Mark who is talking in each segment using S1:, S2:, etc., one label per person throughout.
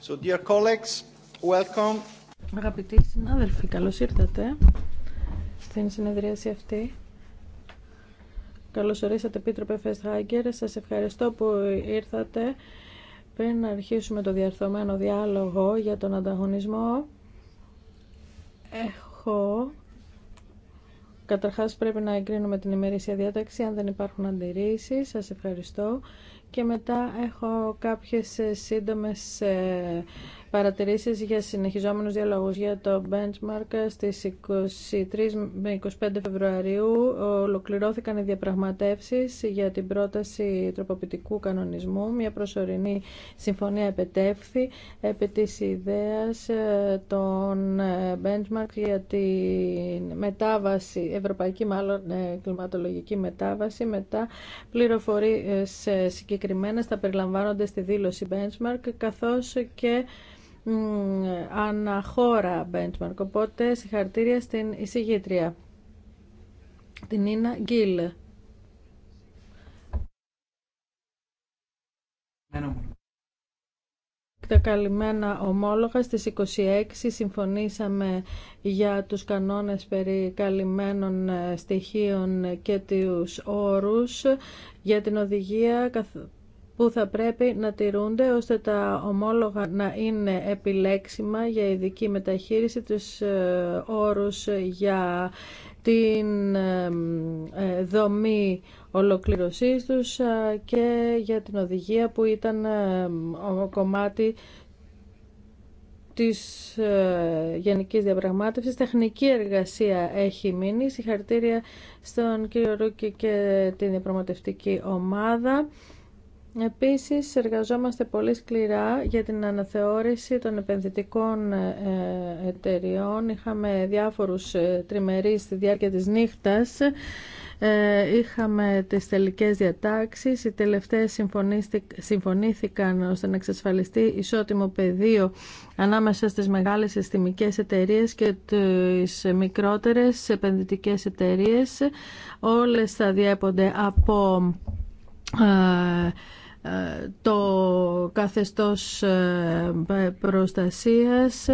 S1: So, dear colleagues, welcome.
S2: Αγαπητοί συνάδελφοι, καλώς ήρθατε στην συνεδρίαση αυτή. Καλώς ορίσατε, Πίτροπε Φεσχάγκερ. Σας ευχαριστώ που ήρθατε. Πριν να αρχίσουμε το διαρθωμένο διάλογο για τον ανταγωνισμό, έχω... Καταρχάς πρέπει να εγκρίνουμε την ημερήσια διάταξη αν δεν υπάρχουν αντιρρήσεις. Σας ευχαριστώ και μετά έχω κάποιες ε, σύντομες ε, παρατηρήσεις για συνεχιζόμενους διαλόγους για το benchmark στις 23 με 25 Φεβρουαρίου ολοκληρώθηκαν οι διαπραγματεύσεις για την πρόταση τροποποιητικού κανονισμού μια προσωρινή συμφωνία επετεύθη επί της ιδέας ε, των ε, benchmark για την μετάβαση ευρωπαϊκή μάλλον ε, κλιματολογική μετάβαση μετά πληροφορίες συγκεκριμένε θα περιλαμβάνονται στη δήλωση benchmark καθώς και αναχώρα benchmark. Οπότε συγχαρητήρια στην εισηγήτρια, την Νίνα Γκίλ. Τα καλυμμένα ομόλογα στις 26 συμφωνήσαμε για τους κανόνες περί καλυμμένων ε, στοιχείων και τους όρους για την οδηγία που θα πρέπει να τηρούνται ώστε τα ομόλογα να είναι επιλέξιμα για ειδική μεταχείριση τους ε, όρους για την ε, ε, δομή ολοκληρωσής τους και για την οδηγία που ήταν κομμάτι της Γενικής Διαπραγμάτευσης. Τεχνική εργασία έχει μείνει. Συγχαρητήρια στον κύριο Ρούκη και την διαπραγματευτική ομάδα. Επίσης, εργαζόμαστε πολύ σκληρά για την αναθεώρηση των επενδυτικών ε, εταιριών. Είχαμε διάφορους ε, τριμερείς στη διάρκεια της νύχτας. Ε, είχαμε τις τελικές διατάξεις. Οι τελευταίες συμφωνήθηκαν ώστε να εξασφαλιστεί ισότιμο πεδίο ανάμεσα στις μεγάλες συστημικές εταιρείες και τις μικρότερες επενδυτικές εταιρείες. Όλες θα διέπονται από το καθεστώς ε, προστασίας,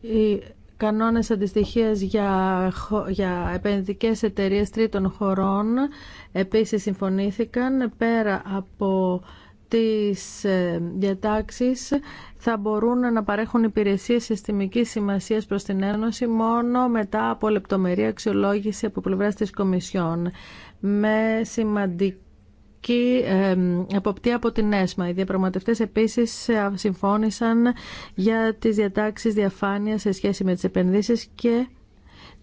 S2: οι κανόνες αντιστοιχίας για, για επενδυτικές εταιρείες τρίτων χωρών επίσης συμφωνήθηκαν πέρα από τις ε, διατάξεις θα μπορούν να παρέχουν υπηρεσίες συστημικής σημασίας προς την Ένωση μόνο μετά από λεπτομερή αξιολόγηση από πλευράς της Κομισιόν με σημαντική και εποπτεία από την ΕΣΜΑ. Οι διαπραγματευτές επίσης ε, συμφώνησαν για τις διατάξεις διαφάνειας σε σχέση με τις επενδύσεις και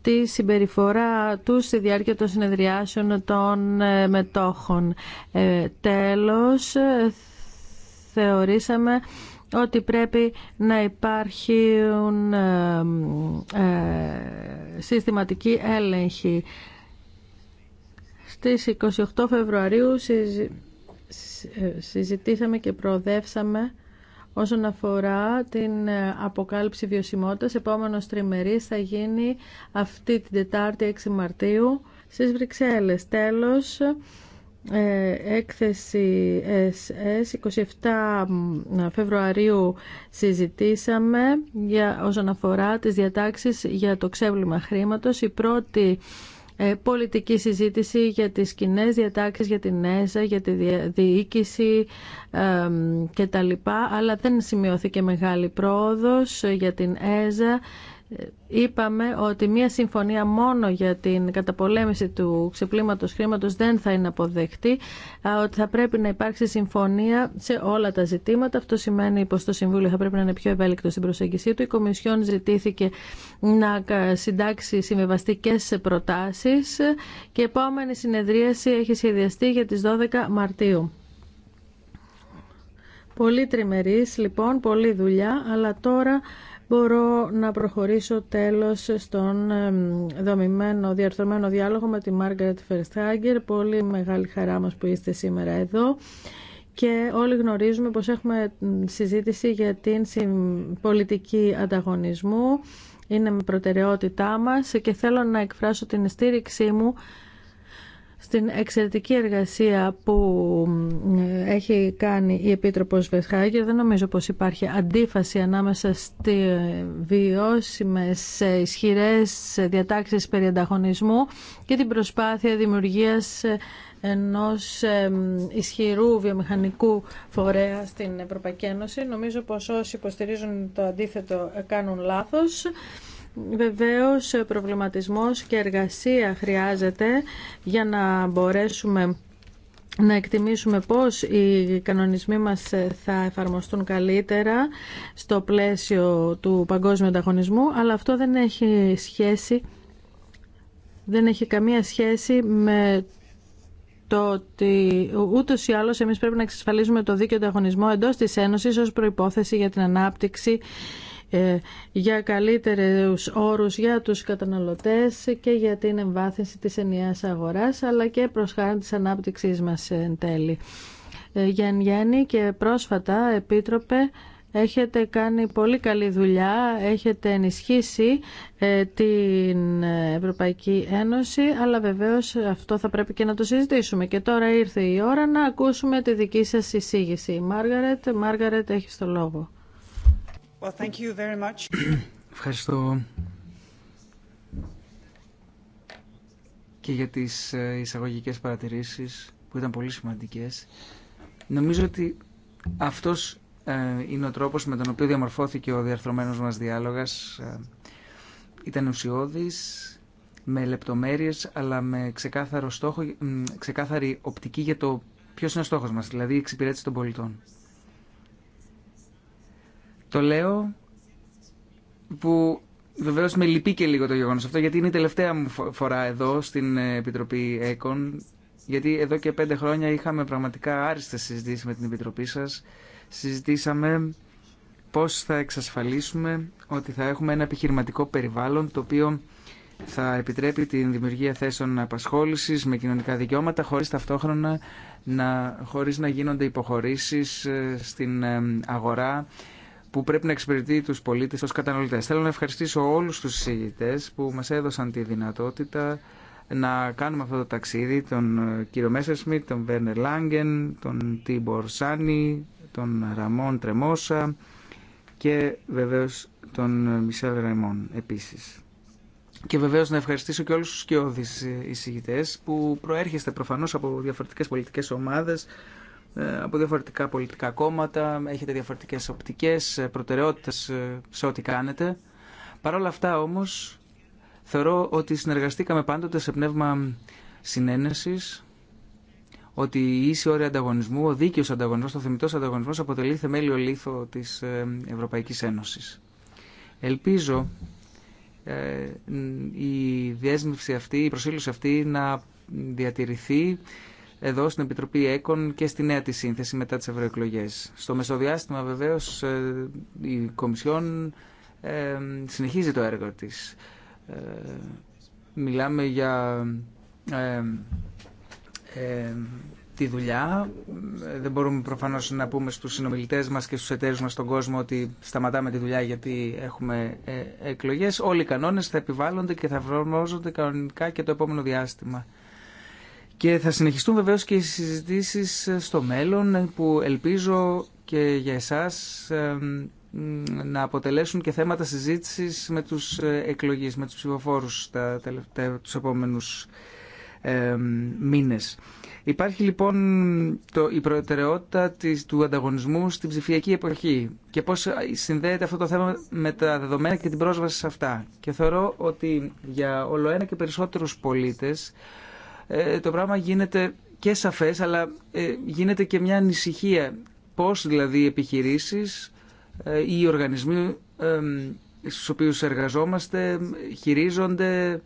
S2: τη συμπεριφορά του στη διάρκεια των συνεδριάσεων των ε, μετόχων. Ε, τέλος, θεωρήσαμε ότι πρέπει να υπάρχουν συστηματικοί έλεγχοι στις 28 Φεβρουαρίου ε, συζητήσαμε και προοδεύσαμε Όσον αφορά την ε, αποκάλυψη βιωσιμότητας, επόμενος τριμερής θα γίνει αυτή την Τετάρτη 6 Μαρτίου στις Βρυξέλλες. Τέλος, ε, έκθεση SS 27 Φεβρουαρίου συζητήσαμε για, όσον αφορά τις διατάξεις για το ξέβλημα χρήματος. Η πρώτη ε, πολιτική συζήτηση για τις κοινέ διατάξεις για την ΕΖΑ για τη διοίκηση και τα λοιπά, αλλά δεν σημειώθηκε μεγάλη πρόοδος ε, για την ΕΖΑ είπαμε ότι μια συμφωνία μόνο για την καταπολέμηση του ξεπλήματος χρήματος δεν θα είναι αποδεκτή, ότι θα πρέπει να υπάρξει συμφωνία σε όλα τα ζητήματα. Αυτό σημαίνει πως το Συμβούλιο θα πρέπει να είναι πιο ευέλικτο στην προσέγγιση του. Η Κομισιόν ζητήθηκε να συντάξει συμβιβαστικέ προτάσεις και η επόμενη συνεδρίαση έχει σχεδιαστεί για τις 12 Μαρτίου. Πολύ τριμερής λοιπόν, πολλή δουλειά, αλλά τώρα μπορώ να προχωρήσω τέλος στον δομημένο, διαρθρωμένο διάλογο με τη Μάργαρετ Φερστάγκερ. Πολύ μεγάλη χαρά μας που είστε σήμερα εδώ και όλοι γνωρίζουμε πως έχουμε συζήτηση για την πολιτική ανταγωνισμού. Είναι με προτεραιότητά μας και θέλω να εκφράσω την στήριξή μου στην εξαιρετική εργασία που έχει κάνει η Επίτροπος Βεσχάγερ. Δεν νομίζω πως υπάρχει αντίφαση ανάμεσα στι βιώσιμες ισχυρές διατάξεις περί ανταγωνισμού και την προσπάθεια δημιουργίας ενός ισχυρού βιομηχανικού φορέα στην Ευρωπαϊκή Ένωση. Νομίζω πως όσοι υποστηρίζουν το αντίθετο κάνουν λάθος. Βεβαίως προβληματισμός και εργασία χρειάζεται για να μπορέσουμε να εκτιμήσουμε πώς οι κανονισμοί μας θα εφαρμοστούν καλύτερα στο πλαίσιο του παγκόσμιου ανταγωνισμού, αλλά αυτό δεν έχει σχέση, δεν έχει καμία σχέση με το ότι ούτω ή άλλω εμεί πρέπει να εξασφαλίζουμε το δίκαιο ανταγωνισμό εντό τη Ένωση ω προπόθεση για την ανάπτυξη ε, για καλύτερους όρους για τους καταναλωτές και για την εμβάθυνση της ενιαίας αγοράς αλλά και προς χάρη της ανάπτυξής μας εν τέλει. Ε, Γιάννη Γιάννη και πρόσφατα επίτροπε έχετε κάνει πολύ καλή δουλειά, έχετε ενισχύσει ε, την Ευρωπαϊκή Ένωση, αλλά βεβαίως αυτό θα πρέπει και να το συζητήσουμε. Και τώρα ήρθε η ώρα να ακούσουμε τη δική σας εισήγηση. Μάργαρετ, Μάργαρετ, έχεις το λόγο.
S3: Well, thank you very much. Ευχαριστώ και για τις ε, εισαγωγικές παρατηρήσεις που ήταν πολύ σημαντικές. Νομίζω ότι αυτός ε, είναι ο τρόπος με τον οποίο διαμορφώθηκε ο διαρθρωμένος μας διάλογας. Ε, ήταν ουσιώδης, με λεπτομέρειες, αλλά με ξεκάθαρο στόχο, ξεκάθαρη οπτική για το ποιος είναι ο στόχος μας, δηλαδή η εξυπηρέτηση των πολιτών. Το λέω που βεβαίω με λυπεί και λίγο το γεγονό αυτό, γιατί είναι η τελευταία μου φορά εδώ στην ε, Επιτροπή ΕΚΟΝ. Γιατί εδώ και πέντε χρόνια είχαμε πραγματικά άριστες συζητήσεις με την Επιτροπή σας. Συζητήσαμε πώς θα εξασφαλίσουμε ότι θα έχουμε ένα επιχειρηματικό περιβάλλον το οποίο θα επιτρέπει την δημιουργία θέσεων απασχόληση με κοινωνικά δικαιώματα χωρί ταυτόχρονα να, χωρίς να γίνονται υποχωρήσει ε, στην ε, αγορά που πρέπει να εξυπηρετεί του πολίτε ω καταναλωτέ. Θέλω να ευχαριστήσω όλους τους συζητητέ που μας έδωσαν τη δυνατότητα να κάνουμε αυτό το ταξίδι, τον ε, κύριο Σμιτ, τον Βέρνερ Λάγκεν, τον Τίμπορ Σάνι, τον Ραμόν Τρεμόσα και βεβαίως τον Μισελ Ραϊμόν επίση. Και βεβαίως να ευχαριστήσω και όλους τους σκιώδει ε, εισηγητές που προέρχεστε προφανώ από διαφορετικέ πολιτικέ ομάδε. Ε, από διαφορετικά πολιτικά κόμματα, έχετε διαφορετικές οπτικές, ε, προτεραιότητες ε, σε ό,τι κάνετε. Παρ' όλα αυτά όμως θεωρώ ότι συνεργαστήκαμε πάντοτε σε πνεύμα συνένεσης, ότι η ίση όρια ανταγωνισμού, ο δίκαιος ανταγωνισμός, ο θεμητός ανταγωνισμός αποτελεί θεμέλιο λίθο της Ευρωπαϊκής Ένωσης. Ελπίζω η διέσμευση αυτή, η προσήλωση αυτή να διατηρηθεί εδώ στην Επιτροπή ΕΚΟΝ και στη νέα τη σύνθεση μετά τι ευρωεκλογέ. Στο μεσοδιάστημα βεβαίω ε, η Κομισιόν ε, συνεχίζει το έργο της. Ε, μιλάμε για τη δουλειά. Δεν μπορούμε προφανώς να πούμε στους συνομιλητές μας και στους εταίρους μας στον κόσμο ότι σταματάμε τη δουλειά γιατί έχουμε εκλογές. Όλοι οι κανόνες θα επιβάλλονται και θα εφαρμόζονται κανονικά και το επόμενο διάστημα. Και θα συνεχιστούν βεβαίως και οι συζητήσεις ε, στο μέλλον ε, που ελπίζω και για εσάς ε, να αποτελέσουν και θέματα συζήτησης με τους εκλογείς, με τους ψηφοφόρους τα τελευταία, τους επόμενους μήνες. Υπάρχει λοιπόν το, η προτεραιότητα της, του ανταγωνισμού στην ψηφιακή εποχή και πώς συνδέεται αυτό το θέμα με τα δεδομένα και την πρόσβαση σε αυτά. Και θεωρώ ότι για όλο ένα και περισσότερους πολίτες ε, το πράγμα γίνεται και σαφές, αλλά ε, γίνεται και μια ανησυχία. Πώς δηλαδή οι επιχειρήσεις ή ε, οι οργανισμοί στους οποίους εργαζόμαστε χειρίζονται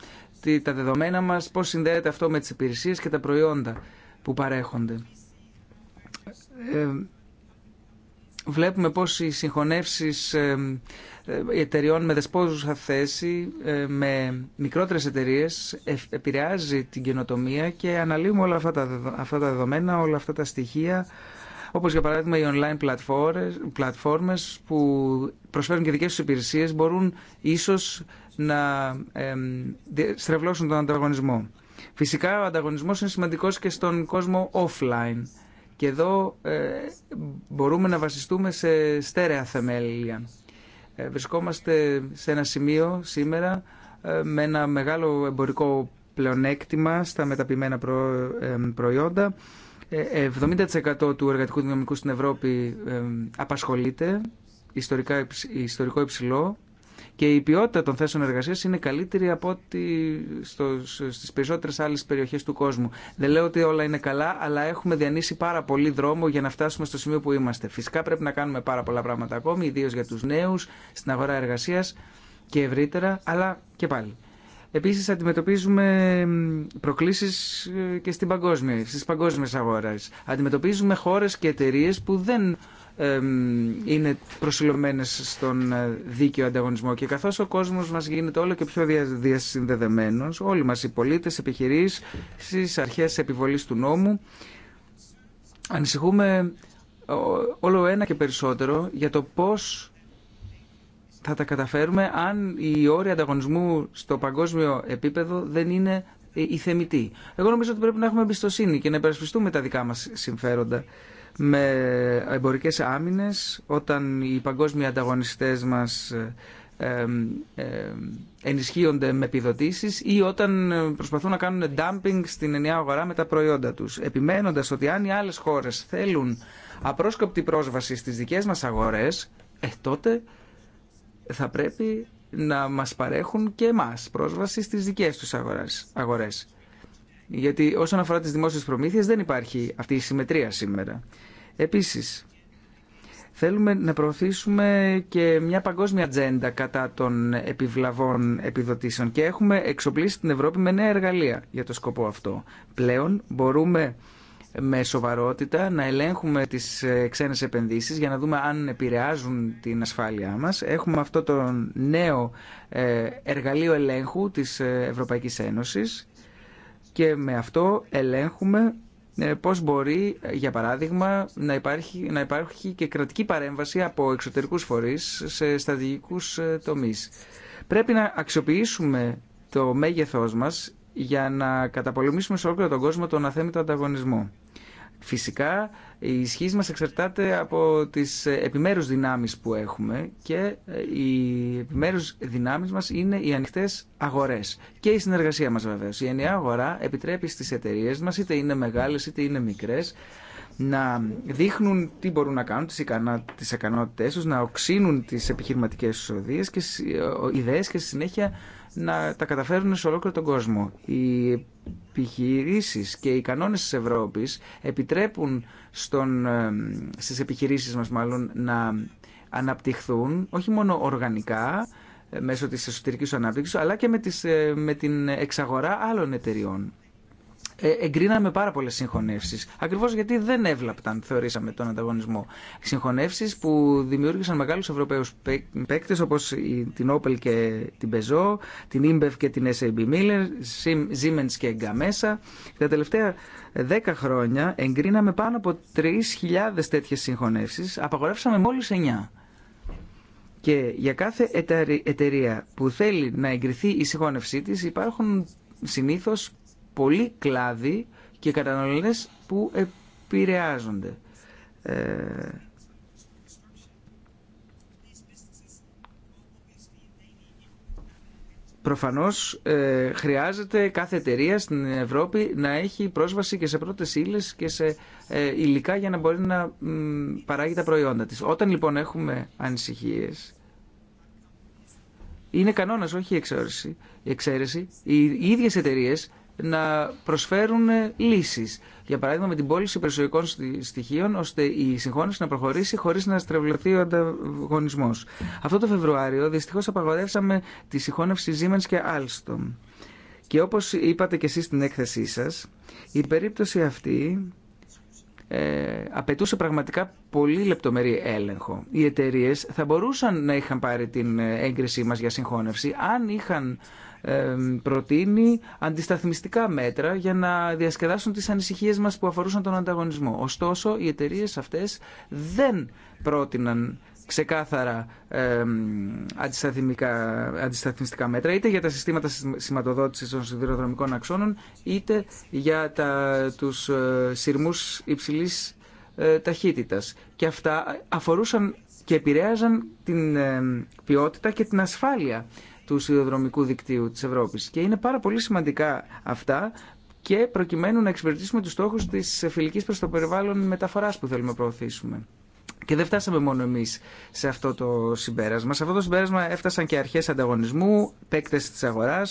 S3: τα δεδομένα μας, πώς συνδέεται αυτό με τις υπηρεσίες και τα προϊόντα που παρέχονται βλέπουμε πως οι συγχωνεύσεις ε, ε, εταιριών με δεσπόζουσα θέση, ε, με μικρότερες εταιρείες, επηρεάζει την καινοτομία και αναλύουμε όλα αυτά τα, αυτά τα δεδομένα, όλα αυτά τα στοιχεία, όπως για παράδειγμα οι online πλατφόρμες, που προσφέρουν και δικές τους υπηρεσίες, μπορούν ίσως να στρεβλώσουν τον ανταγωνισμό. Φυσικά ο ανταγωνισμός είναι σημαντικός και στον κόσμο offline και εδώ ε, μπορούμε να βασιστούμε σε στέρεα θεμέλια. Ε, βρισκόμαστε σε ένα σημείο σήμερα ε, με ένα μεγάλο εμπορικό πλεονέκτημα στα μεταποιημένα προϊόντα. 70% του εργατικού δυναμικού στην Ευρώπη απασχολείται, ιστορικά, ιστορικό υψηλό και η ποιότητα των θέσεων εργασία είναι καλύτερη από ό,τι στι περισσότερε άλλε περιοχέ του κόσμου. Δεν λέω ότι όλα είναι καλά, αλλά έχουμε διανύσει πάρα πολύ δρόμο για να φτάσουμε στο σημείο που είμαστε. Φυσικά πρέπει να κάνουμε πάρα πολλά πράγματα ακόμη, ιδίω για του νέου, στην αγορά εργασία και ευρύτερα, αλλά και πάλι. Επίσης αντιμετωπίζουμε προκλήσεις ε, και στην παγκόσμια, στις παγκόσμιες Αντιμετωπίζουμε χώρες και εταιρείε που δεν είναι προσιλωμένες στον ε, δίκαιο ανταγωνισμό και καθώς ο κόσμος μας γίνεται όλο και πιο διασυνδεδεμένος, όλοι μας οι πολίτες, επιχειρήσεις, αρχές επιβολής του νόμου, ανησυχούμε ε, όλο ένα και περισσότερο για το πώς θα τα καταφέρουμε αν οι όροι ανταγωνισμού στο παγκόσμιο επίπεδο δεν είναι ε, η θεμητή. Εγώ νομίζω ότι πρέπει να έχουμε εμπιστοσύνη και να υπερασπιστούμε τα δικά μας συμφέροντα με εμπορικές άμυνες όταν οι παγκόσμιοι ανταγωνιστές μας ε, ε, ενισχύονται με επιδοτήσεις ή όταν προσπαθούν να κάνουν dumping στην ενιαία αγορά με τα προϊόντα τους επιμένοντας ότι αν οι άλλες χώρες θέλουν απρόσκοπτη πρόσβαση στις δικές μας αγορές ε, τότε θα πρέπει να μας παρέχουν και εμάς πρόσβαση στις δικές τους αγορές. Γιατί όσον αφορά τις δημόσιες προμήθειες δεν υπάρχει αυτή η συμμετρία σήμερα. Επίσης, θέλουμε να προωθήσουμε και μια παγκόσμια ατζέντα κατά των επιβλαβών επιδοτήσεων και έχουμε εξοπλίσει την Ευρώπη με νέα εργαλεία για το σκοπό αυτό. Πλέον μπορούμε με σοβαρότητα να ελέγχουμε τις ε, ξένες επενδύσεις για να δούμε αν επηρεάζουν την ασφάλειά μας. Έχουμε αυτό το νέο ε, εργαλείο ελέγχου της ε, Ευρωπαϊκής Ένωσης και με αυτό ελέγχουμε ε, πώς μπορεί, ε, για παράδειγμα, να υπάρχει, να υπάρχει και κρατική παρέμβαση από εξωτερικούς φορείς σε στρατηγικούς ε, τομείς. Πρέπει να αξιοποιήσουμε το μέγεθός μας για να καταπολεμήσουμε σε όλο τον κόσμο τον αθέμητο ανταγωνισμό. Φυσικά η ισχύ μας εξαρτάται από τις επιμέρους δυνάμεις που έχουμε και ε, οι επιμέρους δυνάμεις μας είναι οι ανοιχτές αγορές και η συνεργασία μας βέβαια Η ενιαία αγορά επιτρέπει στις εταιρείε μας, είτε είναι μεγάλες είτε είναι μικρές, να δείχνουν τι μπορούν να κάνουν, τις, ικανά, τις ικανότητές τους, να οξύνουν τις επιχειρηματικές τους και ε, ιδέες και στη συνέχεια να τα καταφέρουν σε ολόκληρο τον κόσμο. Οι επιχειρήσεις και οι κανόνες της Ευρώπης επιτρέπουν στον, ε, στις επιχειρήσεις μας μάλλον να αναπτυχθούν όχι μόνο οργανικά ε, μέσω της εσωτερικής ανάπτυξης αλλά και με, τις, ε, με την εξαγορά άλλων εταιριών. Ε, εγκρίναμε πάρα πολλέ συγχωνεύσει. Ακριβώ γιατί δεν έβλαπταν, θεωρήσαμε, τον ανταγωνισμό. Συγχωνεύσει που δημιούργησαν μεγάλου Ευρωπαίου παίκτε όπω την Opel και την Peugeot, την Imbev και την SAB Miller, Siemens και Gamesa. Τα τελευταία δέκα χρόνια εγκρίναμε πάνω από 3.000 τέτοιε συγχωνεύσει, απαγορεύσαμε μόλι 9. Και για κάθε εταιρεία που θέλει να εγκριθεί η συγχώνευσή της υπάρχουν συνήθως πολύ κλάδοι και καταναλωτές που επηρεάζονται. Ε, προφανώς ε, χρειάζεται κάθε εταιρεία στην Ευρώπη να έχει πρόσβαση και σε πρώτες ύλε και σε ε, υλικά για να μπορεί να παράγει τα προϊόντα της. Όταν λοιπόν έχουμε ανησυχίες, είναι κανόνας όχι η εξαίρεση, οι ίδιες εταιρείες να προσφέρουν ε, λύσεις. Για παράδειγμα με την πώληση περισσοϊκών στοιχείων ώστε η συγχώνευση να προχωρήσει χωρίς να στρεβλωθεί ο ανταγωνισμός. Αυτό το Φεβρουάριο δυστυχώς απαγορεύσαμε τη συγχώνευση Siemens και Alstom. Και όπως είπατε και εσείς στην έκθεσή σας, η περίπτωση αυτή ε, απαιτούσε πραγματικά πολύ λεπτομερή έλεγχο. Οι εταιρείε θα μπορούσαν να είχαν πάρει την ε, έγκρισή μας για συγχώνευση αν είχαν προτείνει αντισταθμιστικά μέτρα για να διασκεδάσουν τις ανησυχίες μας που αφορούσαν τον ανταγωνισμό. Ωστόσο, οι εταιρείες αυτές δεν πρότειναν ξεκάθαρα αντισταθμιστικά μέτρα, είτε για τα συστήματα σηματοδότησης των σιδηροδρομικών αξώνων, είτε για τα, τους ε, σειρμούς υψηλής ε, ταχύτητας. Και αυτά αφορούσαν και επηρέαζαν την ποιότητα και την ασφάλεια του σιδηροδρομικού δικτύου της Ευρώπης. Και είναι πάρα πολύ σημαντικά αυτά και προκειμένου να εξυπηρετήσουμε τους στόχους της φιλικής προς το περιβάλλον μεταφοράς που θέλουμε να προωθήσουμε. Και δεν φτάσαμε μόνο εμεί σε αυτό το συμπέρασμα. Σε αυτό το συμπέρασμα έφτασαν και αρχέ ανταγωνισμού, παίκτε τη αγορά,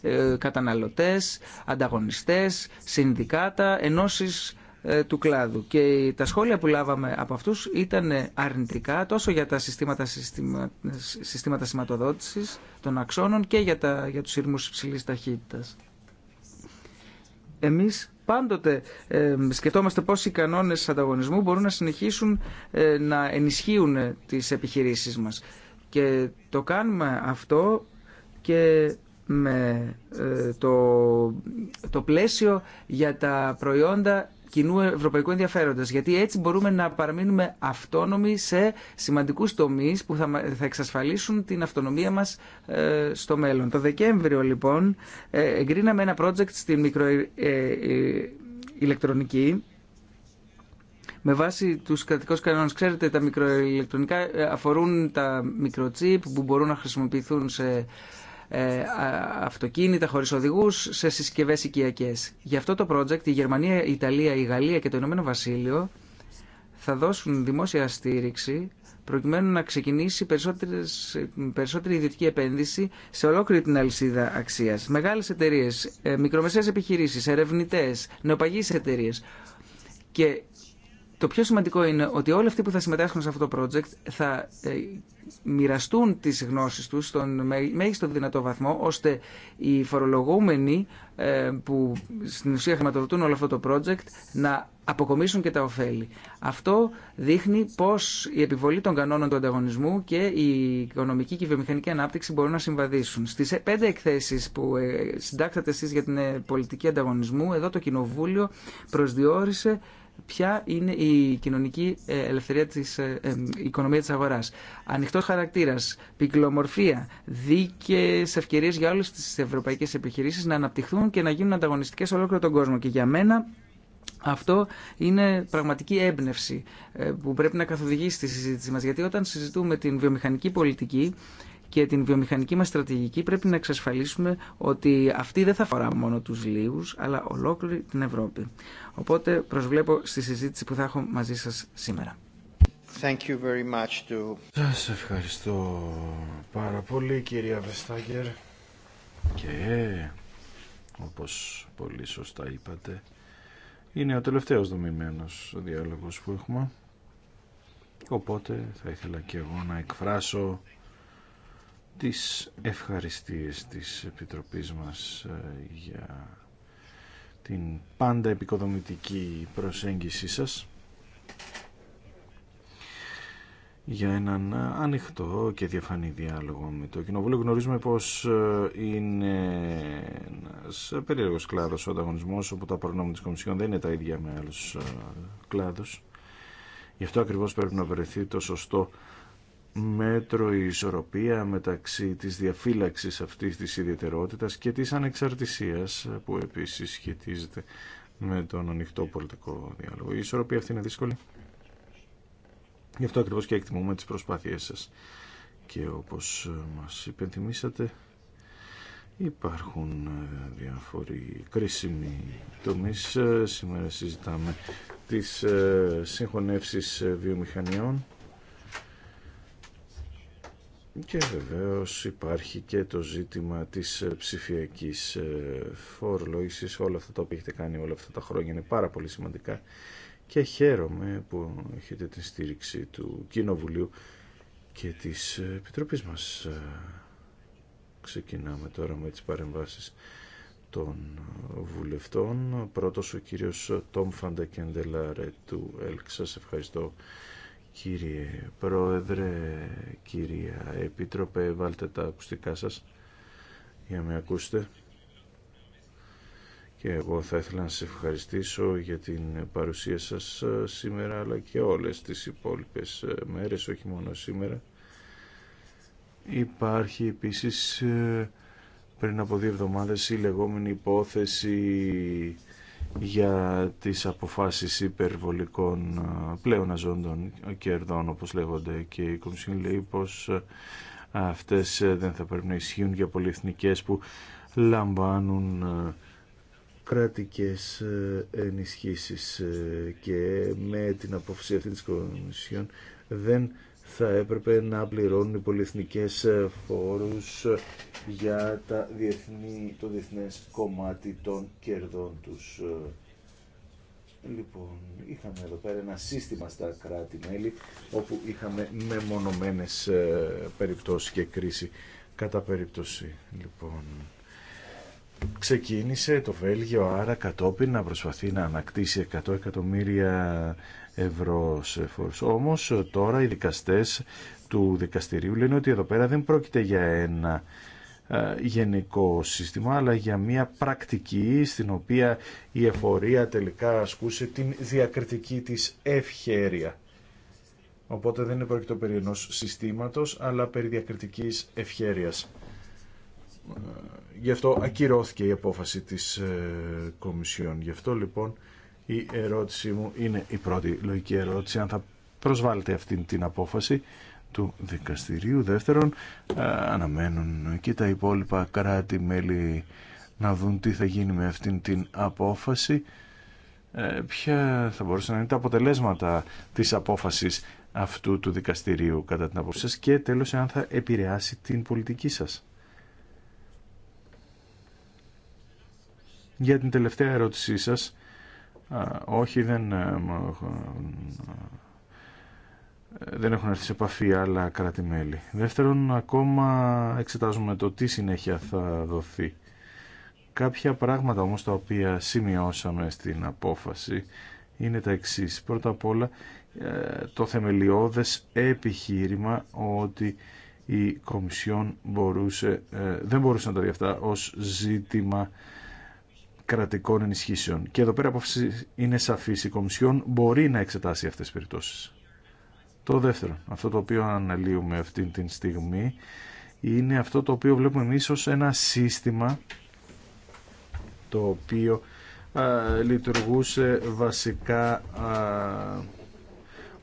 S3: ε, καταναλωτέ, ανταγωνιστέ, συνδικάτα, ενώσει ε, του κλάδου. Και τα σχόλια που λάβαμε από αυτούς ήταν αρνητικά τόσο για τα συστήματα, συστημα, συστήματα σηματοδότησης των αξώνων και για, τα, για τους ήρμους υψηλής ταχύτητας. Εμείς πάντοτε ε, σκεφτόμαστε πώς οι κανόνες ανταγωνισμού μπορούν να συνεχίσουν ε, να ενισχύουν τις επιχειρήσεις μας. Και το κάνουμε αυτό και με ε, το, το πλαίσιο για τα προϊόντα κοινού ευρωπαϊκού ενδιαφέροντος, γιατί έτσι μπορούμε να παραμείνουμε αυτόνομοι σε σημαντικούς τομείς που θα εξασφαλίσουν την αυτονομία μας ε, στο μέλλον. Το Δεκέμβριο, λοιπόν, ε, εγκρίναμε ένα project στην μικροηλεκτρονική ε, με βάση τους κρατικούς κανόνες, ξέρετε, τα μικροηλεκτρονικά αφορούν τα μικροτσίπ που μπορούν να χρησιμοποιηθούν σε ε, αυτοκίνητα χωρίς οδηγούς σε συσκευές οικιακέ. Γι' αυτό το project η Γερμανία, η Ιταλία, η Γαλλία και το Ηνωμένο Βασίλειο θα δώσουν δημόσια στήριξη προκειμένου να ξεκινήσει περισσότερη ιδιωτική επένδυση σε ολόκληρη την αλυσίδα αξίας. Μεγάλες εταιρείε, ε, μικρομεσαίες επιχειρήσει, ερευνητέ, νεοπαγεί εταιρείε. Και το πιο σημαντικό είναι ότι όλοι αυτοί που θα συμμετάσχουν σε αυτό το project θα ε, μοιραστούν τις γνώσεις τους στον μέγιστο δυνατό βαθμό ώστε οι φορολογούμενοι ε, που στην ουσία χρηματοδοτούν όλο αυτό το project να αποκομίσουν και τα ωφέλη. Αυτό δείχνει πώς η επιβολή των κανόνων του ανταγωνισμού και η οικονομική και η βιομηχανική ανάπτυξη μπορούν να συμβαδίσουν. Στις ε, πέντε εκθέσεις που συντάξατε εσείς για την πολιτική ανταγωνισμού, εδώ το Κοινοβούλιο προσδιορίσε ποια είναι η κοινωνική ε, ελευθερία της ε, ε, οικονομία της αγοράς. Ανοιχτός χαρακτήρας, πυκλομορφία, δίκαιε ευκαιρίε για όλες τις ευρωπαϊκές επιχειρήσεις να αναπτυχθούν και να γίνουν ανταγωνιστικές σε ολόκληρο τον κόσμο. Και για μένα αυτό είναι πραγματική έμπνευση ε, που πρέπει να καθοδηγήσει τη συζήτηση μας. Γιατί όταν συζητούμε την βιομηχανική πολιτική, και την βιομηχανική μας στρατηγική πρέπει να εξασφαλίσουμε ότι αυτή δεν θα αφορά μόνο τους λίγους, αλλά ολόκληρη την Ευρώπη. Οπότε προσβλέπω στη συζήτηση που θα έχω μαζί σας σήμερα. Thank Σας ευχαριστώ πάρα πολύ
S1: κυρία Βεστάγκερ και όπως πολύ σωστά είπατε είναι ο τελευταίος δομημένος διάλογος που έχουμε οπότε θα ήθελα και εγώ να εκφράσω τις ευχαριστίες της Επιτροπής μας ε, για την πάντα επικοδομητική προσέγγιση σας για έναν ανοιχτό και διαφανή διάλογο με το Κοινοβούλιο. Γνωρίζουμε πως ε, είναι ένας περίεργος κλάδος ο ανταγωνισμός όπου τα προνόμια της Κομισιόν δεν είναι τα ίδια με άλλους ε, κλάδους. Γι' αυτό ακριβώς πρέπει να βρεθεί το σωστό μέτρο η ισορροπία μεταξύ της διαφύλαξης αυτής της ιδιαιτερότητας και της ανεξαρτησίας που επίσης σχετίζεται με τον ανοιχτό πολιτικό διάλογο. Η ισορροπία αυτή είναι δύσκολη. Γι' αυτό ακριβώς και εκτιμούμε τις προσπάθειές σας. Και όπως μας υπενθυμίσατε υπάρχουν ε, διάφοροι κρίσιμοι τομείς. Ε, σήμερα συζητάμε τις ε, συγχωνεύσεις βιομηχανιών και βεβαίως υπάρχει και το ζήτημα της ε, ψηφιακής ε, φορολόγησης. Όλα αυτά τα οποία έχετε κάνει όλα αυτά τα χρόνια είναι πάρα πολύ σημαντικά και χαίρομαι που έχετε την στήριξη του Κοινοβουλίου και της ε, Επιτροπής μας. Ξεκινάμε τώρα με τις παρεμβάσεις των βουλευτών. Πρώτος ο κύριος Τόμ Φαντακεντελάρε του ΕΛΚ. ευχαριστώ κύριε Πρόεδρε, κυρία Επίτροπε, βάλτε τα ακουστικά σας για να με ακούσετε. Και εγώ θα ήθελα να σας ευχαριστήσω για την παρουσία σας σήμερα, αλλά και όλες τις υπόλοιπες μέρες, όχι μόνο σήμερα. Υπάρχει επίσης ε, πριν από δύο εβδομάδες η λεγόμενη υπόθεση για τις αποφάσεις υπερβολικών ε, πλέον αζώντων κερδών όπως λέγονται και η Κομισιόν λέει πως ε, αυτές ε, δεν θα πρέπει να ισχύουν για πολυεθνικές που λαμβάνουν κρατικές ενισχύσεις και με την απόφαση αυτή της Κομισιόν δεν θα έπρεπε να πληρώνουν οι πολυεθνικές ε, φόρους για τα διεθνή, το διεθνές κομμάτι των κερδών τους. Ε, λοιπόν, είχαμε εδώ πέρα ένα σύστημα στα κράτη-μέλη όπου είχαμε μεμονωμένες ε, περιπτώσεις και κρίση κατά περίπτωση. Λοιπόν, ξεκίνησε το Βέλγιο άρα κατόπιν να προσπαθεί να ανακτήσει 100 εκατομμύρια ευρώ σε Όμως τώρα οι δικαστές του δικαστηρίου λένε ότι εδώ πέρα δεν πρόκειται για ένα ε, γενικό σύστημα αλλά για μια πρακτική στην οποία η εφορία τελικά ασκούσε την διακριτική της ευχέρεια. Οπότε δεν είναι πρόκειτο περί ενός συστήματος αλλά περί διακριτικής ευχέρειας. Ε, γι' αυτό ακυρώθηκε η απόφαση της ε, Κομισιόν. Γι' αυτό λοιπόν η ερώτησή μου είναι η πρώτη λογική ερώτηση, αν θα προσβάλλετε αυτή την απόφαση του δικαστηρίου. Δεύτερον, ε, αναμένουν και τα υπόλοιπα κράτη-μέλη να δουν τι θα γίνει με αυτήν την απόφαση. Ε, ποια θα μπορούσαν να είναι τα αποτελέσματα της απόφασης αυτού του δικαστηρίου κατά την απόψη σας και τέλος αν θα επηρεάσει την πολιτική σας. Για την τελευταία ερώτησή σας όχι, δεν, ε, ε, δεν έχουν έρθει σε επαφή άλλα κράτη-μέλη. Δεύτερον, ακόμα εξετάζουμε το τι συνέχεια θα δοθεί. Κάποια πράγματα όμως τα οποία σημειώσαμε στην απόφαση είναι τα εξής. Πρώτα απ' όλα ε, το θεμελιώδες επιχείρημα ότι η Κομισιόν μπορούσε, δεν μπορούσε να τα δει αυτά ως ζήτημα κρατικών ενισχύσεων. Και εδώ πέρα απόψη είναι σαφή η Κομισιόν μπορεί να εξετάσει αυτές τις περιπτώσεις. Το δεύτερο, αυτό το οποίο αναλύουμε αυτή τη στιγμή, είναι αυτό το οποίο βλέπουμε εμεί ως ένα σύστημα το οποίο λειτουργούσε βασικά α,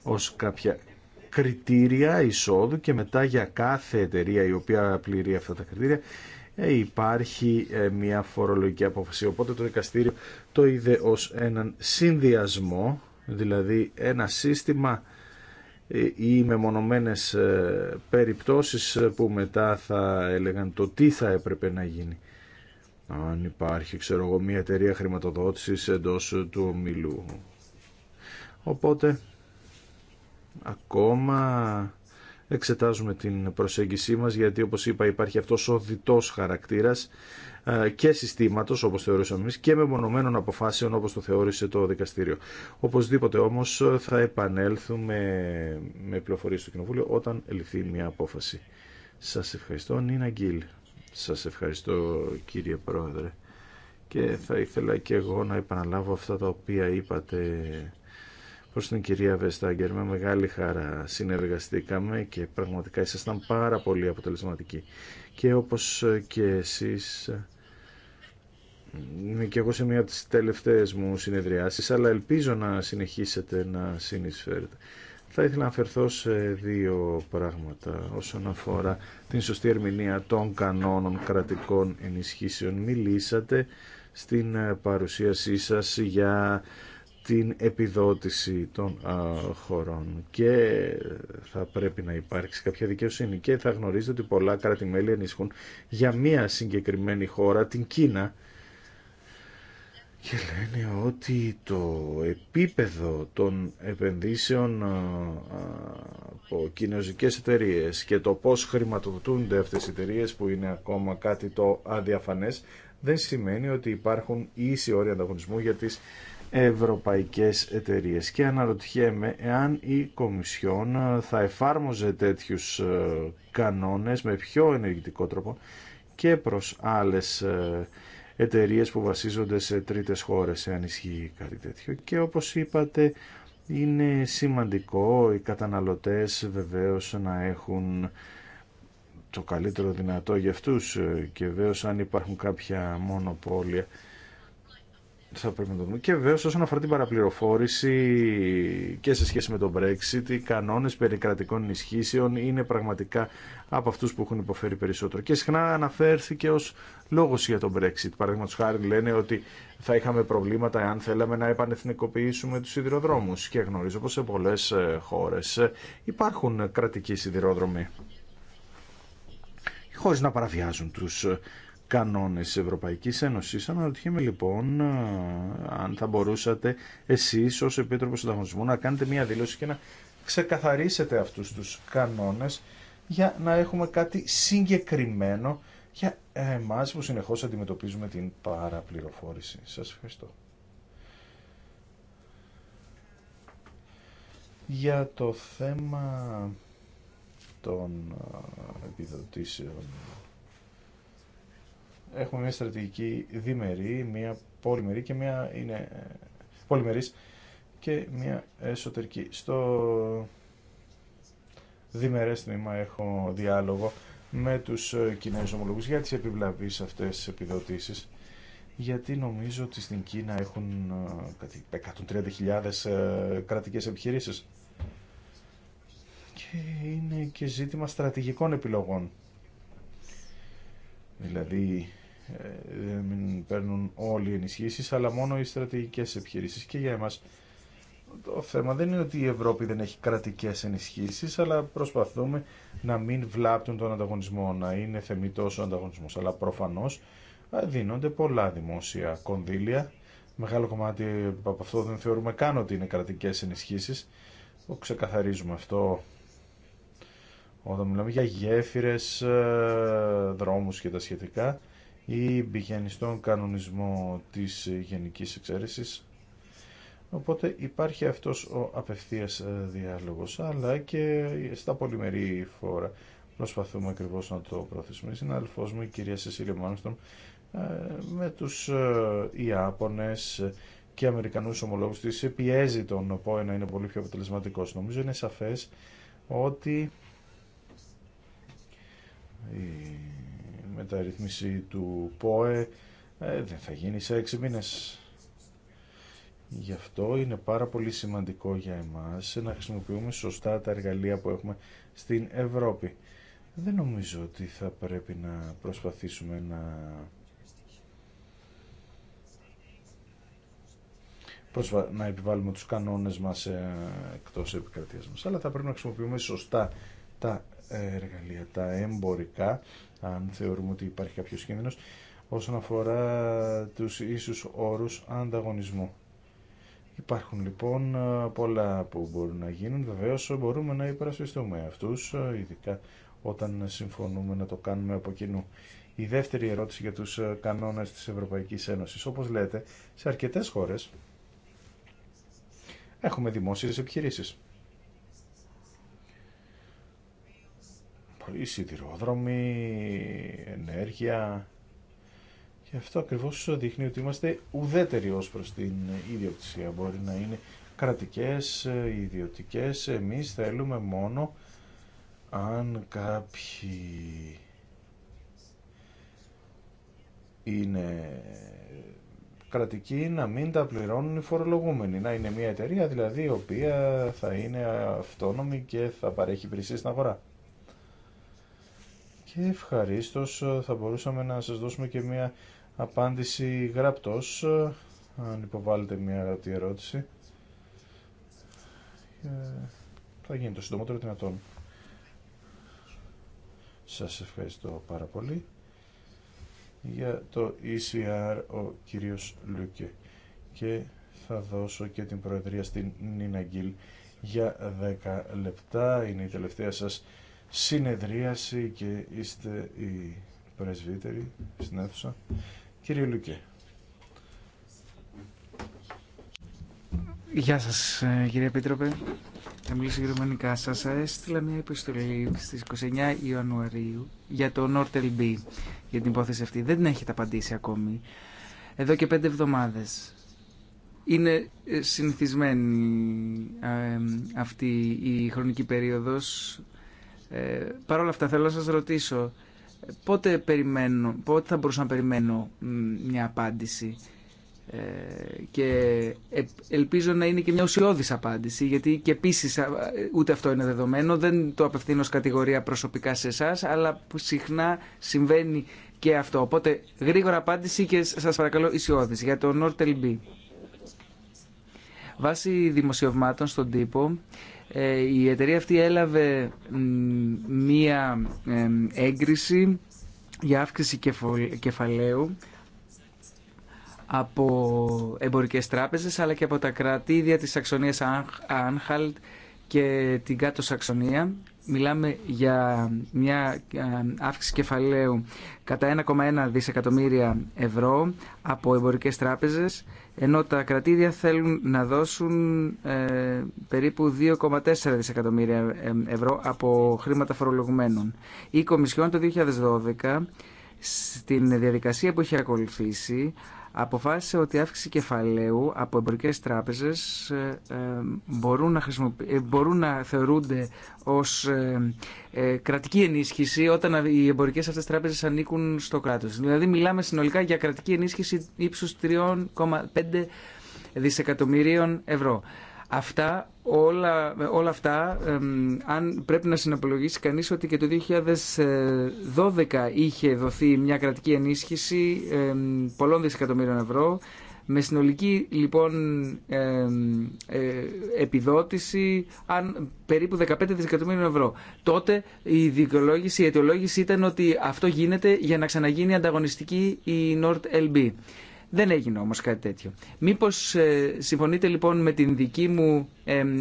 S1: ως κάποια κριτήρια εισόδου και μετά για κάθε εταιρεία η οποία πληρεί αυτά τα κριτήρια ε, υπάρχει ε, μια φορολογική απόφαση. Οπότε το δικαστήριο το είδε ως έναν συνδυασμό, δηλαδή ένα σύστημα ή ε, μεμονωμένες περιπτώσεις που μετά θα έλεγαν το τι θα έπρεπε να γίνει. Αν υπάρχει, ξέρω εγώ, μια εταιρεία χρηματοδότησης εντός του ομιλού. Οπότε, ακόμα εξετάζουμε την προσέγγισή μας γιατί όπως είπα υπάρχει αυτός ο διτός χαρακτήρας ε, και συστήματος όπως θεωρούσαμε εμείς και μεμονωμένων αποφάσεων όπως το θεώρησε το δικαστήριο. Οπωσδήποτε όμως θα επανέλθουμε με πληροφορίες στο Κοινοβούλιο όταν ληφθεί μια απόφαση. Σας ευχαριστώ Νίνα Γκίλ. Σας ευχαριστώ κύριε Πρόεδρε. Και θα ήθελα και εγώ να επαναλάβω αυτά τα οποία είπατε προς την κυρία Βεστάγκερ. Με μεγάλη χαρά συνεργαστήκαμε και πραγματικά ήσασταν πάρα πολύ αποτελεσματικοί. Και όπως και εσείς, είμαι και εγώ σε μια από τις τελευταίες μου συνεδριάσεις, αλλά ελπίζω να συνεχίσετε να συνεισφέρετε. Θα ήθελα να αφαιρθώ σε δύο πράγματα όσον αφορά την σωστή ερμηνεία των κανόνων κρατικών ενισχύσεων. Μιλήσατε στην παρουσίασή σας για την επιδότηση των χωρών και θα πρέπει να υπάρξει κάποια δικαιοσύνη και θα γνωρίζετε ότι πολλά κράτη-μέλη ενισχύουν για μία συγκεκριμένη χώρα, την Κίνα και λένε ότι το επίπεδο των επενδύσεων από κινέζικες εταιρείε και το πώς χρηματοδοτούνται αυτές οι εταιρείε που είναι ακόμα κάτι το αδιαφανές δεν σημαίνει ότι υπάρχουν ίσοι όροι ανταγωνισμού για τις ευρωπαϊκές εταιρείες και αναρωτιέμαι εάν η Κομισιόν θα εφάρμοζε τέτοιους ε, κανόνες με πιο ενεργητικό τρόπο και προς άλλες ε, εταιρείες που βασίζονται σε τρίτες χώρες εάν ισχύει κάτι τέτοιο και όπως είπατε είναι σημαντικό οι καταναλωτές βεβαίως να έχουν το καλύτερο δυνατό για αυτούς ε, και βεβαίως αν υπάρχουν κάποια μονοπόλια θα πρέπει Και βέβαια όσον αφορά την παραπληροφόρηση και σε σχέση με τον Brexit, οι κανόνε περί κρατικών ενισχύσεων είναι πραγματικά από αυτού που έχουν υποφέρει περισσότερο. Και συχνά αναφέρθηκε ω λόγο για τον Brexit. Παραδείγματο χάρη λένε ότι θα είχαμε προβλήματα εάν θέλαμε να επανεθνικοποιήσουμε τους σιδηροδρόμους. Και γνωρίζω πω σε πολλέ ε, χώρε ε, υπάρχουν κρατικοί σιδηρόδρομοι Χωρί να παραβιάζουν του. Ε, κανόνες της Ευρωπαϊκής Ένωσης. Αναρωτιέμαι λοιπόν αν θα μπορούσατε εσείς ως Επίτροπος Συνταγωνισμού να κάνετε μια δήλωση και να ξεκαθαρίσετε αυτούς τους κανόνες για να έχουμε κάτι συγκεκριμένο για εμάς που συνεχώς αντιμετωπίζουμε την παραπληροφόρηση. Σας ευχαριστώ. Για το θέμα των επιδοτήσεων έχουμε μια στρατηγική διμερή, μια πολυμερή και μια είναι ε, πολυμερής και μια εσωτερική. Στο διμερές τμήμα έχω διάλογο με τους ε, Κινέζους ομολογούς για τις επιβλαβείς αυτές τις επιδοτήσεις γιατί νομίζω ότι στην Κίνα έχουν 130.000 ε, κρατικές επιχειρήσεις και είναι και ζήτημα στρατηγικών επιλογών. Δηλαδή ε, δεν μην παίρνουν όλοι οι ενισχύσεις, αλλά μόνο οι στρατηγικές επιχειρήσεις. Και για εμάς το θέμα δεν είναι ότι η Ευρώπη δεν έχει κρατικές ενισχύσεις, αλλά προσπαθούμε να μην βλάπτουν τον ανταγωνισμό, να είναι θεμητό ο ανταγωνισμός. Αλλά προφανώς δίνονται πολλά δημόσια κονδύλια. Μεγάλο κομμάτι από αυτό δεν θεωρούμε καν ότι είναι κρατικές ενισχύσεις. Το ξεκαθαρίζουμε αυτό όταν μιλάμε για γέφυρες, ε, δρόμους και τα σχετικά ή πηγαίνει κανονισμό της γενικής εξαίρεσης. Οπότε υπάρχει αυτός ο απευθείας ε, διάλογος, αλλά και στα πολυμερή φόρα. Προσπαθούμε ακριβώς να το προωθήσουμε. αλφός μου, η κυρία Σεσίλια Μάνστον, ε, με τους ε, Ιάπωνες και Αμερικανούς ομολόγους της, πιέζει τον ΟΠΟΕ να είναι πολύ πιο αποτελεσματικό. Νομίζω είναι σαφές ότι μεταρρύθμιση του ΠΟΕ ε, δεν θα γίνει σε έξι μήνες. Γι' αυτό είναι πάρα πολύ σημαντικό για εμάς να χρησιμοποιούμε σωστά τα εργαλεία που έχουμε στην Ευρώπη. Δεν νομίζω ότι θα πρέπει να προσπαθήσουμε να... να επιβάλλουμε τους κανόνες μας ε, εκτός επικρατείας μας, αλλά θα πρέπει να χρησιμοποιούμε σωστά τα εργαλεία, τα εμπορικά, αν θεωρούμε ότι υπάρχει κάποιο κίνδυνο όσον αφορά τους ίσους όρου ανταγωνισμού. Υπάρχουν λοιπόν πολλά που μπορούν να γίνουν. Βεβαίω μπορούμε να υπερασπιστούμε αυτού, ειδικά όταν συμφωνούμε να το κάνουμε από κοινού. Η δεύτερη ερώτηση για τους κανόνες της Ευρωπαϊκής Ένωσης. Όπως λέτε, σε αρκετές χώρες έχουμε δημόσιες επιχειρήσεις. οι σιδηρόδρομοι, ενέργεια. Και αυτό ακριβώς δείχνει ότι είμαστε ουδέτεροι ως προς την ιδιοκτησία. Μπορεί να είναι κρατικές, ιδιωτικές. Εμείς θέλουμε μόνο αν κάποιοι είναι κρατικοί να μην τα πληρώνουν οι φορολογούμενοι. Να είναι μια εταιρεία δηλαδή η οποία θα είναι αυτόνομη και θα παρέχει υπηρεσίες στην αγορά και ευχαρίστως ε, θα μπορούσαμε να σας δώσουμε και μία απάντηση γραπτός ε, αν υποβάλλετε μία γραπτή ερώτηση ε, θα γίνει το συντομότερο δυνατόν. Σας ευχαριστώ πάρα πολύ για το ECR ο κύριος Λούκε και θα δώσω και την προεδρία στην Νίνα Γκίλ για 10 λεπτά. Είναι η τελευταία σας συνεδρίαση και είστε οι πρεσβύτεροι στην αίθουσα.
S3: Κύριε Λουκέ. Γεια σας ε, κύριε Επίτροπε. Θα μιλήσω γερμανικά. Σας έστειλα μια επιστολή στις 29 Ιανουαρίου για το Nortel για την υπόθεση αυτή. Δεν την έχετε απαντήσει ακόμη. Εδώ και πέντε εβδομάδες. Είναι ε, συνηθισμένη ε, αυτή η χρονική περίοδος ε, Παρ' όλα αυτά θέλω να σας ρωτήσω πότε, περιμένω, πότε θα μπορούσα να περιμένω μια απάντηση ε, και ελπίζω να είναι και μια ουσιώδης απάντηση γιατί και επίση ούτε αυτό είναι δεδομένο δεν το απευθύνω ως κατηγορία προσωπικά σε εσά, αλλά συχνά συμβαίνει και αυτό οπότε γρήγορα απάντηση και σας παρακαλώ ουσιώδης για το Nortel B Βάσει δημοσιευμάτων στον τύπο ε, η εταιρεία αυτή έλαβε μία ε, έγκριση για αύξηση κεφαλαίου από εμπορικές τράπεζες αλλά και από τα κρατήδια της Σαξονίας Άνχαλτ και την κάτω Σαξονία. Μιλάμε για μια ε, αύξηση κεφαλαίου κατά 1,1 δισεκατομμύρια ευρώ από εμπορικές τράπεζες ενώ τα κρατήδια θέλουν να δώσουν ε, περίπου 2,4 δισεκατομμύρια ευρώ από χρήματα φορολογουμένων. Η Κομισιόν το 2012 στην διαδικασία που είχε ακολουθήσει αποφάσισε ότι η αύξηση κεφαλαίου από εμπορικές τράπεζες ε, ε, μπορούν να, ε, μπορούν να θεωρούνται ως κρατική ενίσχυση όταν οι εμπορικές αυτές τράπεζες ανήκουν στο κράτος. Δηλαδή μιλάμε συνολικά για κρατική ενίσχυση ύψους 3,5 δισεκατομμυρίων ευρώ. Αυτά, όλα, όλα αυτά, αν πρέπει να συναπολογίσει κανείς ότι και το 2012 είχε δοθεί μια κρατική ενίσχυση πολλών δισεκατομμύριων ευρώ, με συνολική λοιπόν ε, επιδότηση αν, περίπου 15 δισεκατομμύριων ευρώ. Τότε η δικαιολόγηση, η αιτιολόγηση ήταν ότι αυτό γίνεται για να ξαναγίνει ανταγωνιστική η Nord LB. Δεν έγινε όμως κάτι τέτοιο. Μήπως ε, συμφωνείτε λοιπόν με την δική μου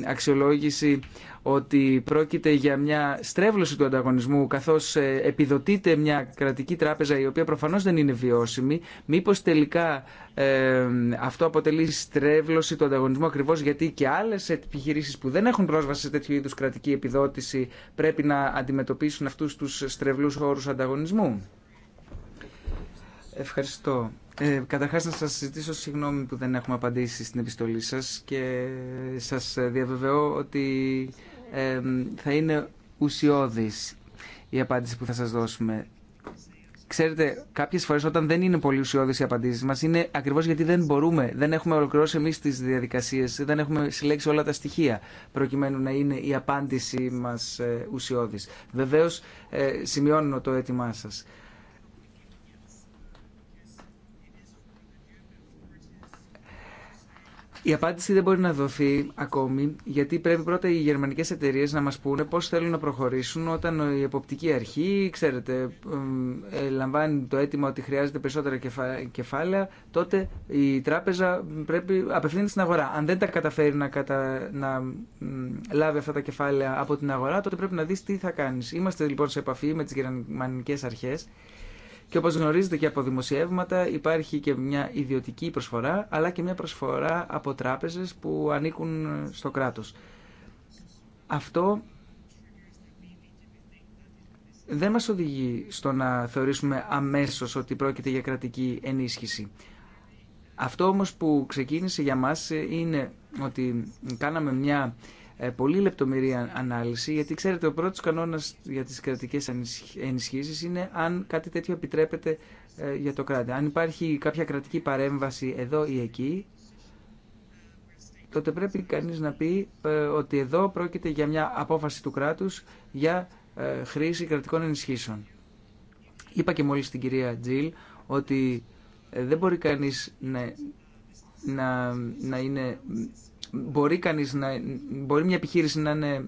S3: αξιολόγηση ότι πρόκειται για μια στρέβλωση του ανταγωνισμού καθώς ε, επιδοτείται μια κρατική τράπεζα η οποία προφανώς δεν είναι βιώσιμη. Μήπως τελικά ε, αυτό αποτελεί στρέβλωση του ανταγωνισμού ακριβώς γιατί και άλλες επιχειρήσεις που δεν έχουν πρόσβαση σε τέτοιου είδους κρατική επιδότηση πρέπει να αντιμετωπίσουν αυτούς τους στρεβλούς όρους ανταγωνισμού. Ευχαριστώ. Ε, καταρχάς να σα ζητήσω συγγνώμη που δεν έχουμε απαντήσει στην επιστολή σα και σα διαβεβαιώ ότι ε, θα είναι ουσιώδη η απάντηση που θα σα δώσουμε. Ξέρετε, κάποιε φορέ όταν δεν είναι πολύ ουσιώδη οι απαντήσει μα, είναι ακριβώ γιατί δεν μπορούμε, δεν έχουμε ολοκληρώσει εμεί τι διαδικασίε, δεν έχουμε συλλέξει όλα τα στοιχεία, προκειμένου να είναι η απάντησή μα ε, ουσιώδη. Βεβαίω, ε, σημειώνω το αίτημά σα. Η απάντηση δεν μπορεί να δοθεί ακόμη, γιατί πρέπει πρώτα οι γερμανικέ εταιρείε να μα πούνε πώ θέλουν να προχωρήσουν όταν η εποπτική αρχή, ξέρετε, ε, λαμβάνει το αίτημα ότι χρειάζεται περισσότερα κεφάλαια. Τότε η τράπεζα πρέπει απευθύνεται στην αγορά. Αν δεν τα καταφέρει να, κατα... να λάβει αυτά τα κεφάλαια από την αγορά, τότε πρέπει να δει τι θα κάνει. Είμαστε λοιπόν σε επαφή με τι γερμανικέ αρχέ και όπως γνωρίζετε και από δημοσιεύματα υπάρχει και μια ιδιωτική προσφορά αλλά και μια προσφορά από τράπεζες που ανήκουν στο κράτος. Αυτό δεν μας οδηγεί στο να θεωρήσουμε αμέσως ότι πρόκειται για κρατική ενίσχυση. Αυτό όμως που ξεκίνησε για μας είναι ότι κάναμε μια ε, πολύ λεπτομερή ανάλυση, γιατί ξέρετε ο πρώτος κανόνας για τις κρατικές ενισχύσεις είναι αν κάτι τέτοιο επιτρέπεται ε, για το κράτη. Αν υπάρχει κάποια κρατική παρέμβαση εδώ ή εκεί, τότε πρέπει κανείς να πει ε, ότι εδώ πρόκειται για μια απόφαση του κράτους για χρήση κρατικών ενισχύσεων. Είπα και μόλις στην κυρία Τζιλ ότι δεν μπορεί κανείς να, να είναι Μπορεί, κανείς να, μπορεί μια επιχείρηση να είναι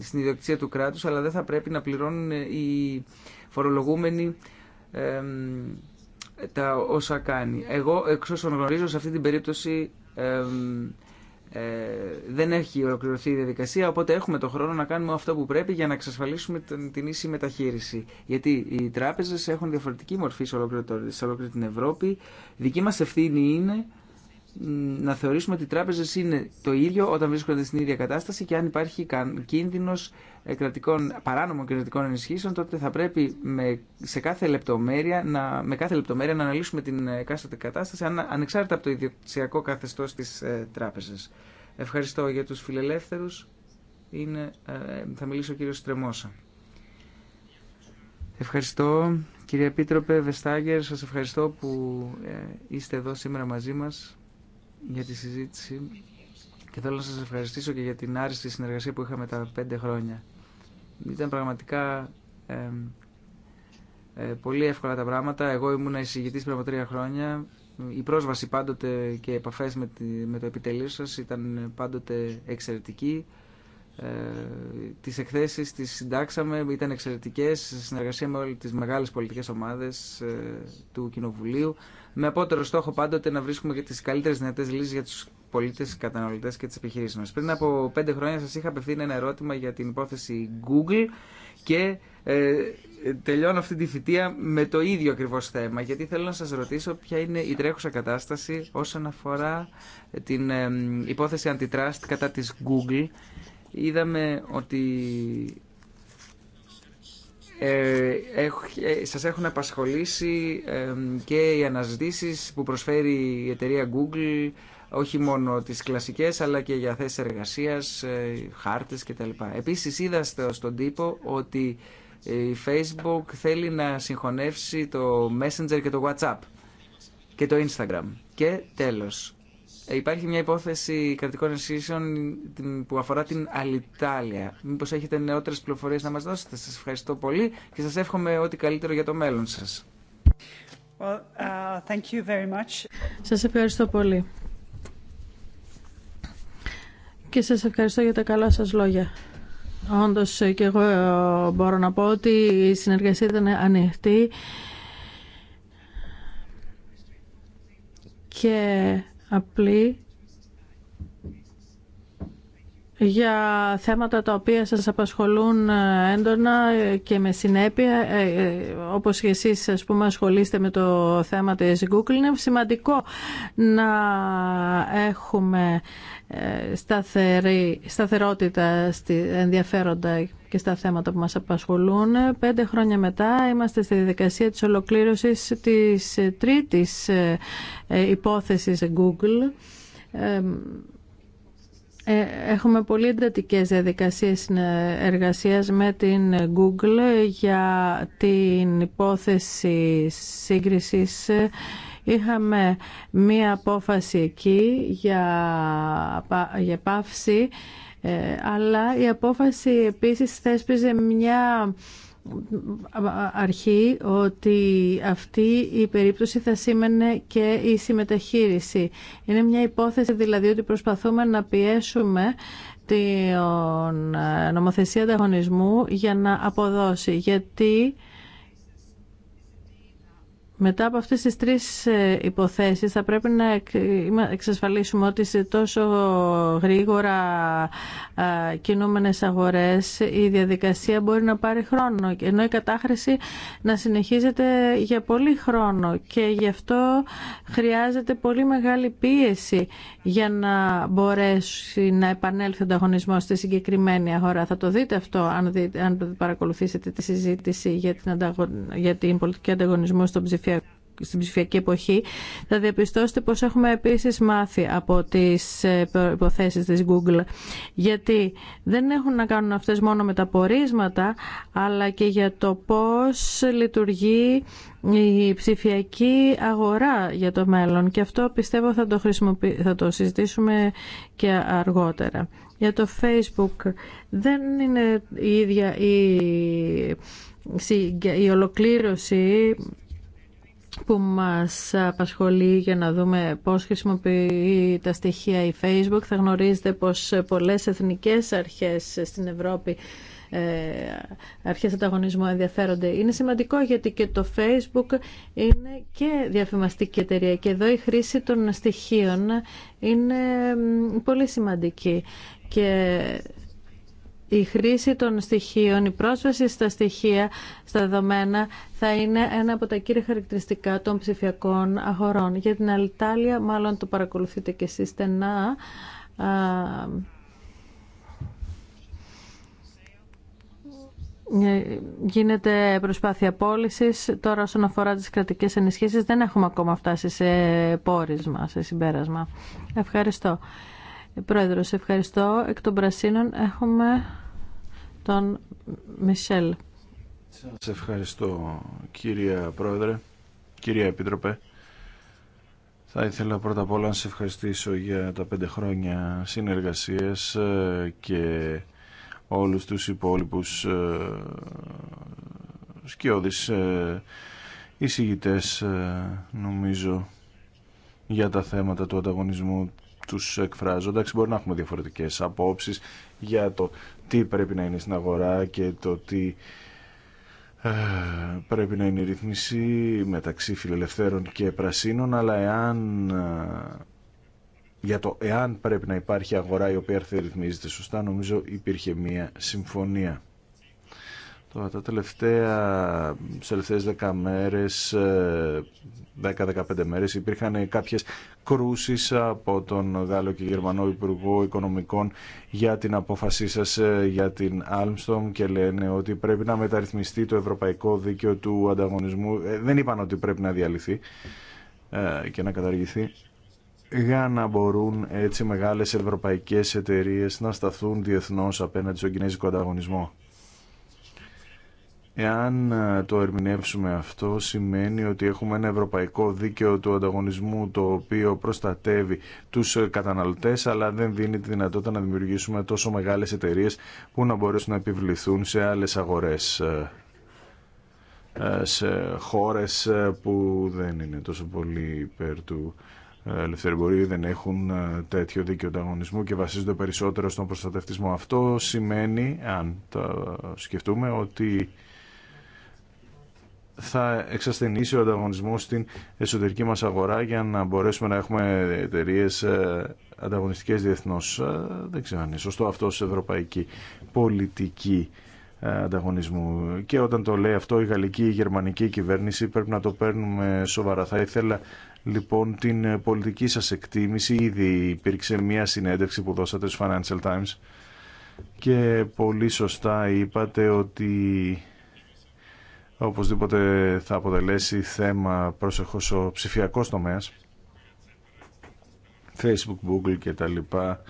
S3: στην ιδιοκτησία του κράτους, αλλά δεν θα πρέπει να πληρώνουν οι φορολογούμενοι τα όσα κάνει. Εγώ, εξ όσων γνωρίζω, σε αυτή την περίπτωση ε, δεν έχει ολοκληρωθεί η διαδικασία, οπότε έχουμε το χρόνο να κάνουμε αυτό που πρέπει για να εξασφαλίσουμε την, την ίση μεταχείριση. Γιατί οι τράπεζες έχουν διαφορετική μορφή σε ολόκληρη την Ευρώπη. Δική μα ευθύνη είναι να θεωρήσουμε ότι οι τράπεζε είναι το ίδιο όταν βρίσκονται στην ίδια κατάσταση και αν υπάρχει κίνδυνο ε, παράνομων κρατικών ενισχύσεων, τότε θα πρέπει με, σε κάθε λεπτομέρεια, να, με κάθε λεπτομέρεια να αναλύσουμε την ε, εκάστοτε κατάσταση ανεξάρτητα από το ιδιωτικό καθεστώ τη ε, τράπεζα. Ευχαριστώ για του φιλελεύθερου. Ε, θα μιλήσω ο κύριο Τρεμόσα. Ευχαριστώ. Κύριε Επίτροπε Βεστάγκερ, σας ευχαριστώ που είστε εδώ σήμερα μαζί μας για τη συζήτηση και θέλω να σας ευχαριστήσω και για την άριστη συνεργασία που είχαμε τα πέντε χρόνια. Ήταν πραγματικά ε, πολύ εύκολα τα πράγματα. Εγώ ήμουν εισηγητής πριν από τρία χρόνια. Η πρόσβαση πάντοτε και οι επαφές με, με το επιτελείο σας ήταν πάντοτε εξαιρετική. Ε, τις εκθέσεις τις συντάξαμε, ήταν εξαιρετικές σε συνεργασία με όλες τις μεγάλες πολιτικές ομάδες ε, του Κοινοβουλίου με απότερο στόχο πάντοτε να βρίσκουμε και τις καλύτερες δυνατές λύσεις για τους πολίτες, καταναλωτές και τις επιχειρήσεις μας. Πριν από πέντε χρόνια σας είχα απευθύνει ένα ερώτημα για την υπόθεση Google και ε, τελειώνω αυτή τη φοιτεία με το ίδιο ακριβώς θέμα γιατί θέλω να σας ρωτήσω ποια είναι η τρέχουσα κατάσταση όσον αφορά την υπόθεση αντιτράστ κατά της Google είδαμε ότι ε, ε, σας έχουν απασχολήσει και οι αναζητήσεις που προσφέρει η εταιρεία Google όχι μόνο τις κλασικές αλλά και για θέσεις εργασίας, ε, χάρτες κτλ. Επίσης είδαστε στον τύπο ότι ε, η Facebook θέλει να συγχωνεύσει το Messenger και το WhatsApp και το Instagram. Και τέλος, ε, υπάρχει μια υπόθεση κρατικών ενσύσεων που αφορά την Αλιτάλια. Μήπως έχετε νεότερες πληροφορίες να μας δώσετε. Σας ευχαριστώ πολύ και σας εύχομαι ό,τι καλύτερο για το μέλλον σας.
S2: Well, uh, Σας ευχαριστώ πολύ. Και σας ευχαριστώ για τα καλά σας λόγια. Όντως ε, και εγώ ε, μπορώ να πω ότι η συνεργασία ήταν ανοιχτή και απλή για θέματα τα οποία σας απασχολούν έντονα και με συνέπεια, ε, ε, όπως και εσείς ας πούμε ασχολείστε με το θέμα της Google, είναι σημαντικό να έχουμε ε, σταθερότητα στη ενδιαφέροντα και στα θέματα που μας απασχολούν. Πέντε χρόνια μετά είμαστε στη διαδικασία της ολοκλήρωσης της τρίτης ε, υπόθεσης Google. Ε, έχουμε πολύ εντατικές διαδικασίες ε, εργασίας με την Google για την υπόθεση σύγκρισης Είχαμε μία απόφαση εκεί για, για πάυση ε, αλλά η απόφαση επίσης θέσπιζε μια αρχή ότι αυτή η περίπτωση θα σήμαινε και η συμμεταχείριση. Είναι μια υπόθεση δηλαδή ότι προσπαθούμε να πιέσουμε την νομοθεσία ανταγωνισμού για να αποδώσει. Γιατί μετά από αυτές τις τρεις ε, υποθέσεις θα πρέπει να εξασφαλίσουμε ότι σε τόσο γρήγορα κινούμενες αγορές η διαδικασία μπορεί να πάρει χρόνο ενώ η κατάχρηση να συνεχίζεται για πολύ χρόνο και γι' αυτό χρειάζεται πολύ μεγάλη πίεση για να μπορέσει να επανέλθει ο ανταγωνισμό στη συγκεκριμένη αγορά. Θα το δείτε αυτό αν, παρακολουθήσετε τη συζήτηση για την, για την πολιτική ανταγωνισμό στον ψηφιακό στην ψηφιακή εποχή, θα διαπιστώσετε πως έχουμε επίσης μάθει από τις υποθέσεις ε, της Google. Γιατί δεν έχουν να κάνουν αυτές μόνο με τα πορίσματα, αλλά και για το πώς λειτουργεί η ψηφιακή αγορά για το μέλλον. Και αυτό πιστεύω θα το, θα το συζητήσουμε και αργότερα. Για το Facebook δεν είναι η ίδια η ολοκλήρωση που μας απασχολεί για να δούμε πώς χρησιμοποιεί τα στοιχεία η Facebook. Θα γνωρίζετε πως πολλές εθνικές αρχές στην Ευρώπη ε, αρχές ανταγωνισμού ενδιαφέρονται. Είναι σημαντικό γιατί και το Facebook είναι και διαφημαστική εταιρεία και εδώ η χρήση των στοιχείων είναι πολύ σημαντική και η χρήση των στοιχείων, η πρόσβαση στα στοιχεία, στα δεδομένα, θα είναι ένα από τα κύρια χαρακτηριστικά των ψηφιακών αγορών. Για την Αλτάλια, μάλλον το παρακολουθείτε και εσείς στενά, Γίνεται προσπάθεια πώληση. Τώρα όσον αφορά τι κρατικές ενισχύσεις δεν έχουμε ακόμα φτάσει σε πόρισμα, σε συμπέρασμα. Ευχαριστώ σε ευχαριστώ. Εκ των Πρασίνων έχουμε τον Μισελ.
S1: Σας ευχαριστώ κύρια Πρόεδρε, κυρία Επίτροπε. Θα ήθελα πρώτα απ' όλα να σε ευχαριστήσω για τα πέντε χρόνια συνεργασίες ε, και όλους τους υπόλοιπους ε, σκιώδεις ε, εισηγητές νομίζω για τα θέματα του ανταγωνισμού τους εκφράζω. Εντάξει, μπορεί να έχουμε διαφορετικές απόψεις για το τι πρέπει να είναι στην αγορά και το τι ε, πρέπει να είναι η ρύθμιση μεταξύ φιλελευθέρων και πρασίνων, αλλά εάν ε, για το εάν πρέπει να υπάρχει αγορά η οποία θα ρυθμίζεται σωστά, νομίζω υπήρχε μία συμφωνία. Τώρα, τα τελευταία, τις τελευταίες 10 μέρες, 10-15 ε, μέρες υπήρχαν κάποιες κρούσεις από τον Γάλλο και Γερμανό Υπουργό Οικονομικών για την απόφασή σας ε, για την Άλμστομ και λένε ότι πρέπει να μεταρρυθμιστεί το ευρωπαϊκό δίκαιο του ανταγωνισμού. Ε, δεν είπαν ότι πρέπει να διαλυθεί και να καταργηθεί για να μπορούν έτσι μεγάλες ευρωπαϊκές εταιρείες να σταθούν διεθνώς απέναντι στον κινέζικο ανταγωνισμό. Εάν ε, το ερμηνεύσουμε αυτό, σημαίνει ότι έχουμε ένα ευρωπαϊκό δίκαιο του ανταγωνισμού το οποίο προστατεύει τους ε, καταναλωτές αλλά δεν δίνει τη δυνατότητα να δημιουργήσουμε τόσο μεγάλες εταιρείες που να μπορέσουν να επιβληθούν σε άλλες αγορές ε, σε χώρες που δεν είναι τόσο πολύ υπέρ του δεν έχουν τέτοιο δίκαιο ανταγωνισμού και βασίζονται περισσότερο στον προστατευτισμό. Αυτό σημαίνει, αν το σκεφτούμε, ότι θα εξασθενήσει ο ανταγωνισμός στην εσωτερική μας αγορά για να μπορέσουμε να έχουμε εταιρείε ε, ανταγωνιστικές διεθνώ. Ε, δεν ξέρω αν είναι σωστό αυτό σε ευρωπαϊκή πολιτική ε, ανταγωνισμού. Και όταν το λέει αυτό η γαλλική ή η γερμανική κυβέρνηση πρέπει να το παίρνουμε σοβαρά. Θα ήθελα λοιπόν την πολιτική σας εκτίμηση. Ήδη υπήρξε μια συνέντευξη που δώσατε στους Financial Times και πολύ σωστά είπατε ότι οπωσδήποτε θα αποτελέσει θέμα προσεχώς ο ψηφιακός τομέας Facebook, Google και τα λοιπά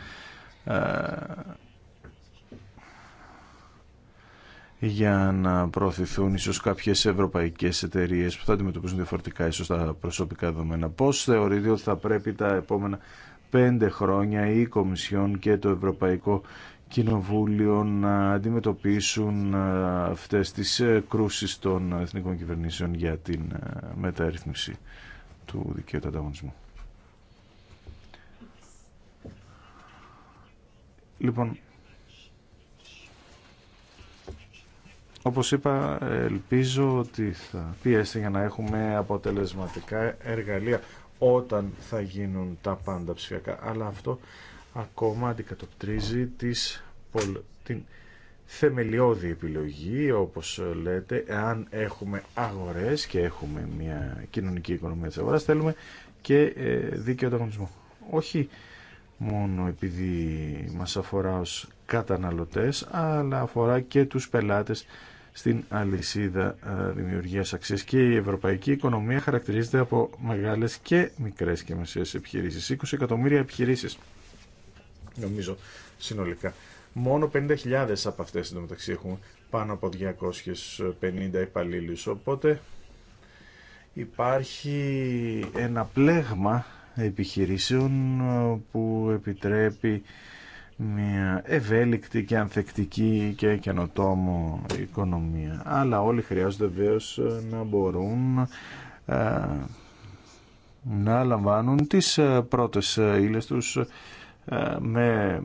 S1: για να προωθηθούν ίσως κάποιες ευρωπαϊκές εταιρείες που θα αντιμετωπίζουν διαφορετικά ίσως τα προσωπικά δεδομένα. Πώς θεωρείτε ότι θα πρέπει τα επόμενα πέντε χρόνια η Κομισιόν και το Ευρωπαϊκό Κοινοβούλιο να αντιμετωπίσουν ε, αυτές τις ε, κρούσεις των εθνικών κυβερνήσεων για την ε, μεταρρύθμιση του δικαίου του ανταγωνισμού. Λοιπόν, όπως είπα, ελπίζω ότι θα πιέσετε για να έχουμε αποτελεσματικά εργαλεία όταν θα γίνουν τα πάντα ψηφιακά. Αλλά αυτό ακόμα αντικατοπτρίζει τις, την θεμελιώδη επιλογή, όπως λέτε, εάν έχουμε αγορές και έχουμε μια κοινωνική οικονομία της αγοράς, θέλουμε και ε, δίκαιο ανταγωνισμό. Όχι μόνο επειδή μας αφορά ως καταναλωτές, αλλά αφορά και τους πελάτες στην αλυσίδα ε, δημιουργίας αξία και η ευρωπαϊκή οικονομία χαρακτηρίζεται από μεγάλες και μικρές και μεσαίε επιχειρήσει, 20 εκατομμύρια επιχειρήσει νομίζω συνολικά. Μόνο 50.000 από αυτές εντωμεταξύ έχουν πάνω από 250 υπαλλήλου. οπότε υπάρχει ένα πλέγμα επιχειρήσεων ε, που επιτρέπει μια ευέλικτη και ανθεκτική και καινοτόμο οικονομία. Αλλά όλοι χρειάζονται βεβαίω ε, να μπορούν ε, να λαμβάνουν τις ε, πρώτες ύλες τους με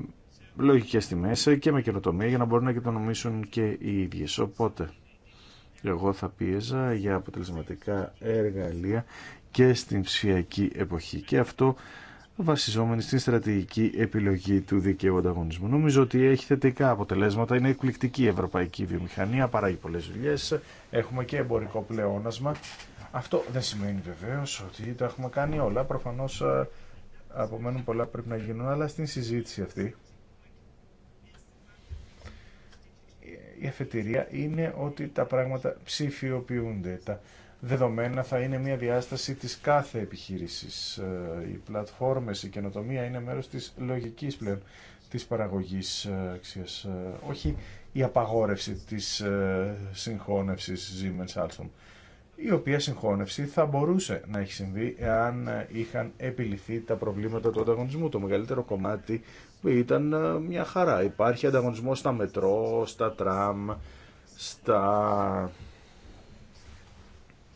S1: λογικές τιμές και με καινοτομία για να μπορούν να κοινωνήσουν και οι ίδιες. Οπότε εγώ θα πίεζα για αποτελεσματικά εργαλεία και στην ψηφιακή εποχή και αυτό βασιζόμενη στην στρατηγική επιλογή του δικαίου ανταγωνισμού. Νομίζω ότι έχει θετικά αποτελέσματα. Είναι εκπληκτική η ευρωπαϊκή βιομηχανία, παράγει πολλέ δουλειέ. Έχουμε και εμπορικό πλεόνασμα. Αυτό δεν σημαίνει βεβαίω ότι τα έχουμε κάνει όλα. Προφανώ ε, απομένουν πολλά πρέπει να γίνουν, αλλά στην συζήτηση αυτή η αφετηρία είναι ότι τα πράγματα ψηφιοποιούνται. Τα δεδομένα θα είναι μια διάσταση της κάθε επιχείρησης. Ε, οι πλατφόρμες, η καινοτομία είναι μέρος της λογικής πλέον της παραγωγής ε, αξίας, ε, όχι η απαγόρευση της συγχώνευσης Siemens Alstom, η οποία συγχώνευση θα μπορούσε να έχει συμβεί εάν είχαν επιληθεί τα προβλήματα του ανταγωνισμού. Το μεγαλύτερο κομμάτι ήταν μια χαρά. Υπάρχει ανταγωνισμό στα μετρό, στα τραμ, στα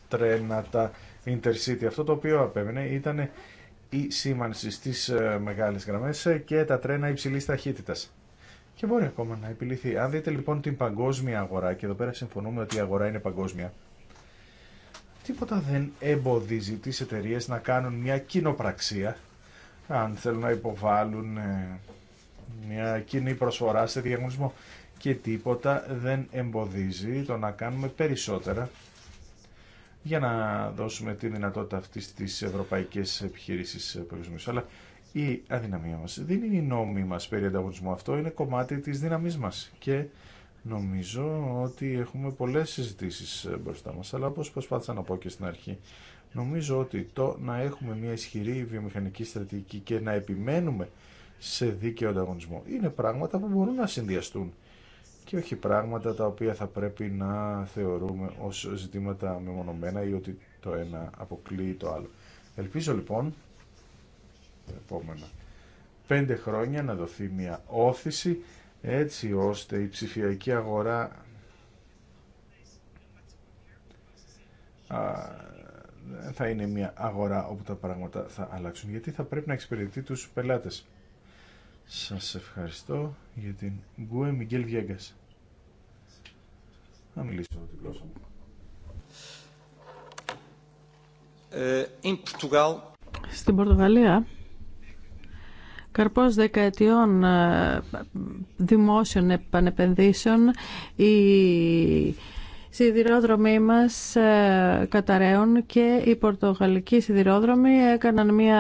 S1: τρένα τα Intercity. Αυτό το οποίο απέμενε ήταν η σήμανση στις ε, μεγάλε γραμμές ε, και τα τρένα υψηλή ταχύτητα. Και μπορεί ακόμα να επιληθεί. Αν δείτε λοιπόν την παγκόσμια αγορά, και εδώ πέρα συμφωνούμε ότι η αγορά είναι παγκόσμια, τίποτα δεν εμποδίζει τις εταιρείε να κάνουν μια κοινοπραξία, αν θέλουν να υποβάλουν ε, μια κοινή προσφορά σε διαγωνισμό. Και τίποτα δεν εμποδίζει το να κάνουμε περισσότερα για να δώσουμε τη δυνατότητα αυτή στις ευρωπαϊκές επιχειρήσεις προορισμού. Αλλά η αδυναμία μα δεν είναι η νόμη μα περί ανταγωνισμού. Αυτό είναι κομμάτι τη δύναμη μα. και νομίζω ότι έχουμε πολλέ συζητήσει ε, μπροστά μα. Αλλά όπω προσπάθησα να πω και στην αρχή, νομίζω ότι το να έχουμε μια ισχυρή βιομηχανική στρατηγική και να επιμένουμε σε δίκαιο ανταγωνισμό είναι πράγματα που μπορούν να συνδυαστούν και όχι πράγματα τα οποία θα πρέπει να θεωρούμε ως ζητήματα μεμονωμένα ή ότι το ένα αποκλείει το άλλο. Ελπίζω λοιπόν τα επόμενα πέντε χρόνια να δοθεί μια όθηση έτσι ώστε η ψηφιακή αγορά θα είναι μια αγορά όπου τα πράγματα θα αλλάξουν γιατί θα πρέπει να εξυπηρετεί τους πελάτες. Σας ευχαριστώ για την Γκουέ Μιγγέλ Βιέγκας να
S3: ε,
S2: Στην Πορτογαλία, καρπός δεκαετιών ε, δημόσιων επανεπενδύσεων, η σιδηρόδρομοι μας ε, καταραίων και οι πορτογαλικοί σιδηρόδρομοι έκαναν μια,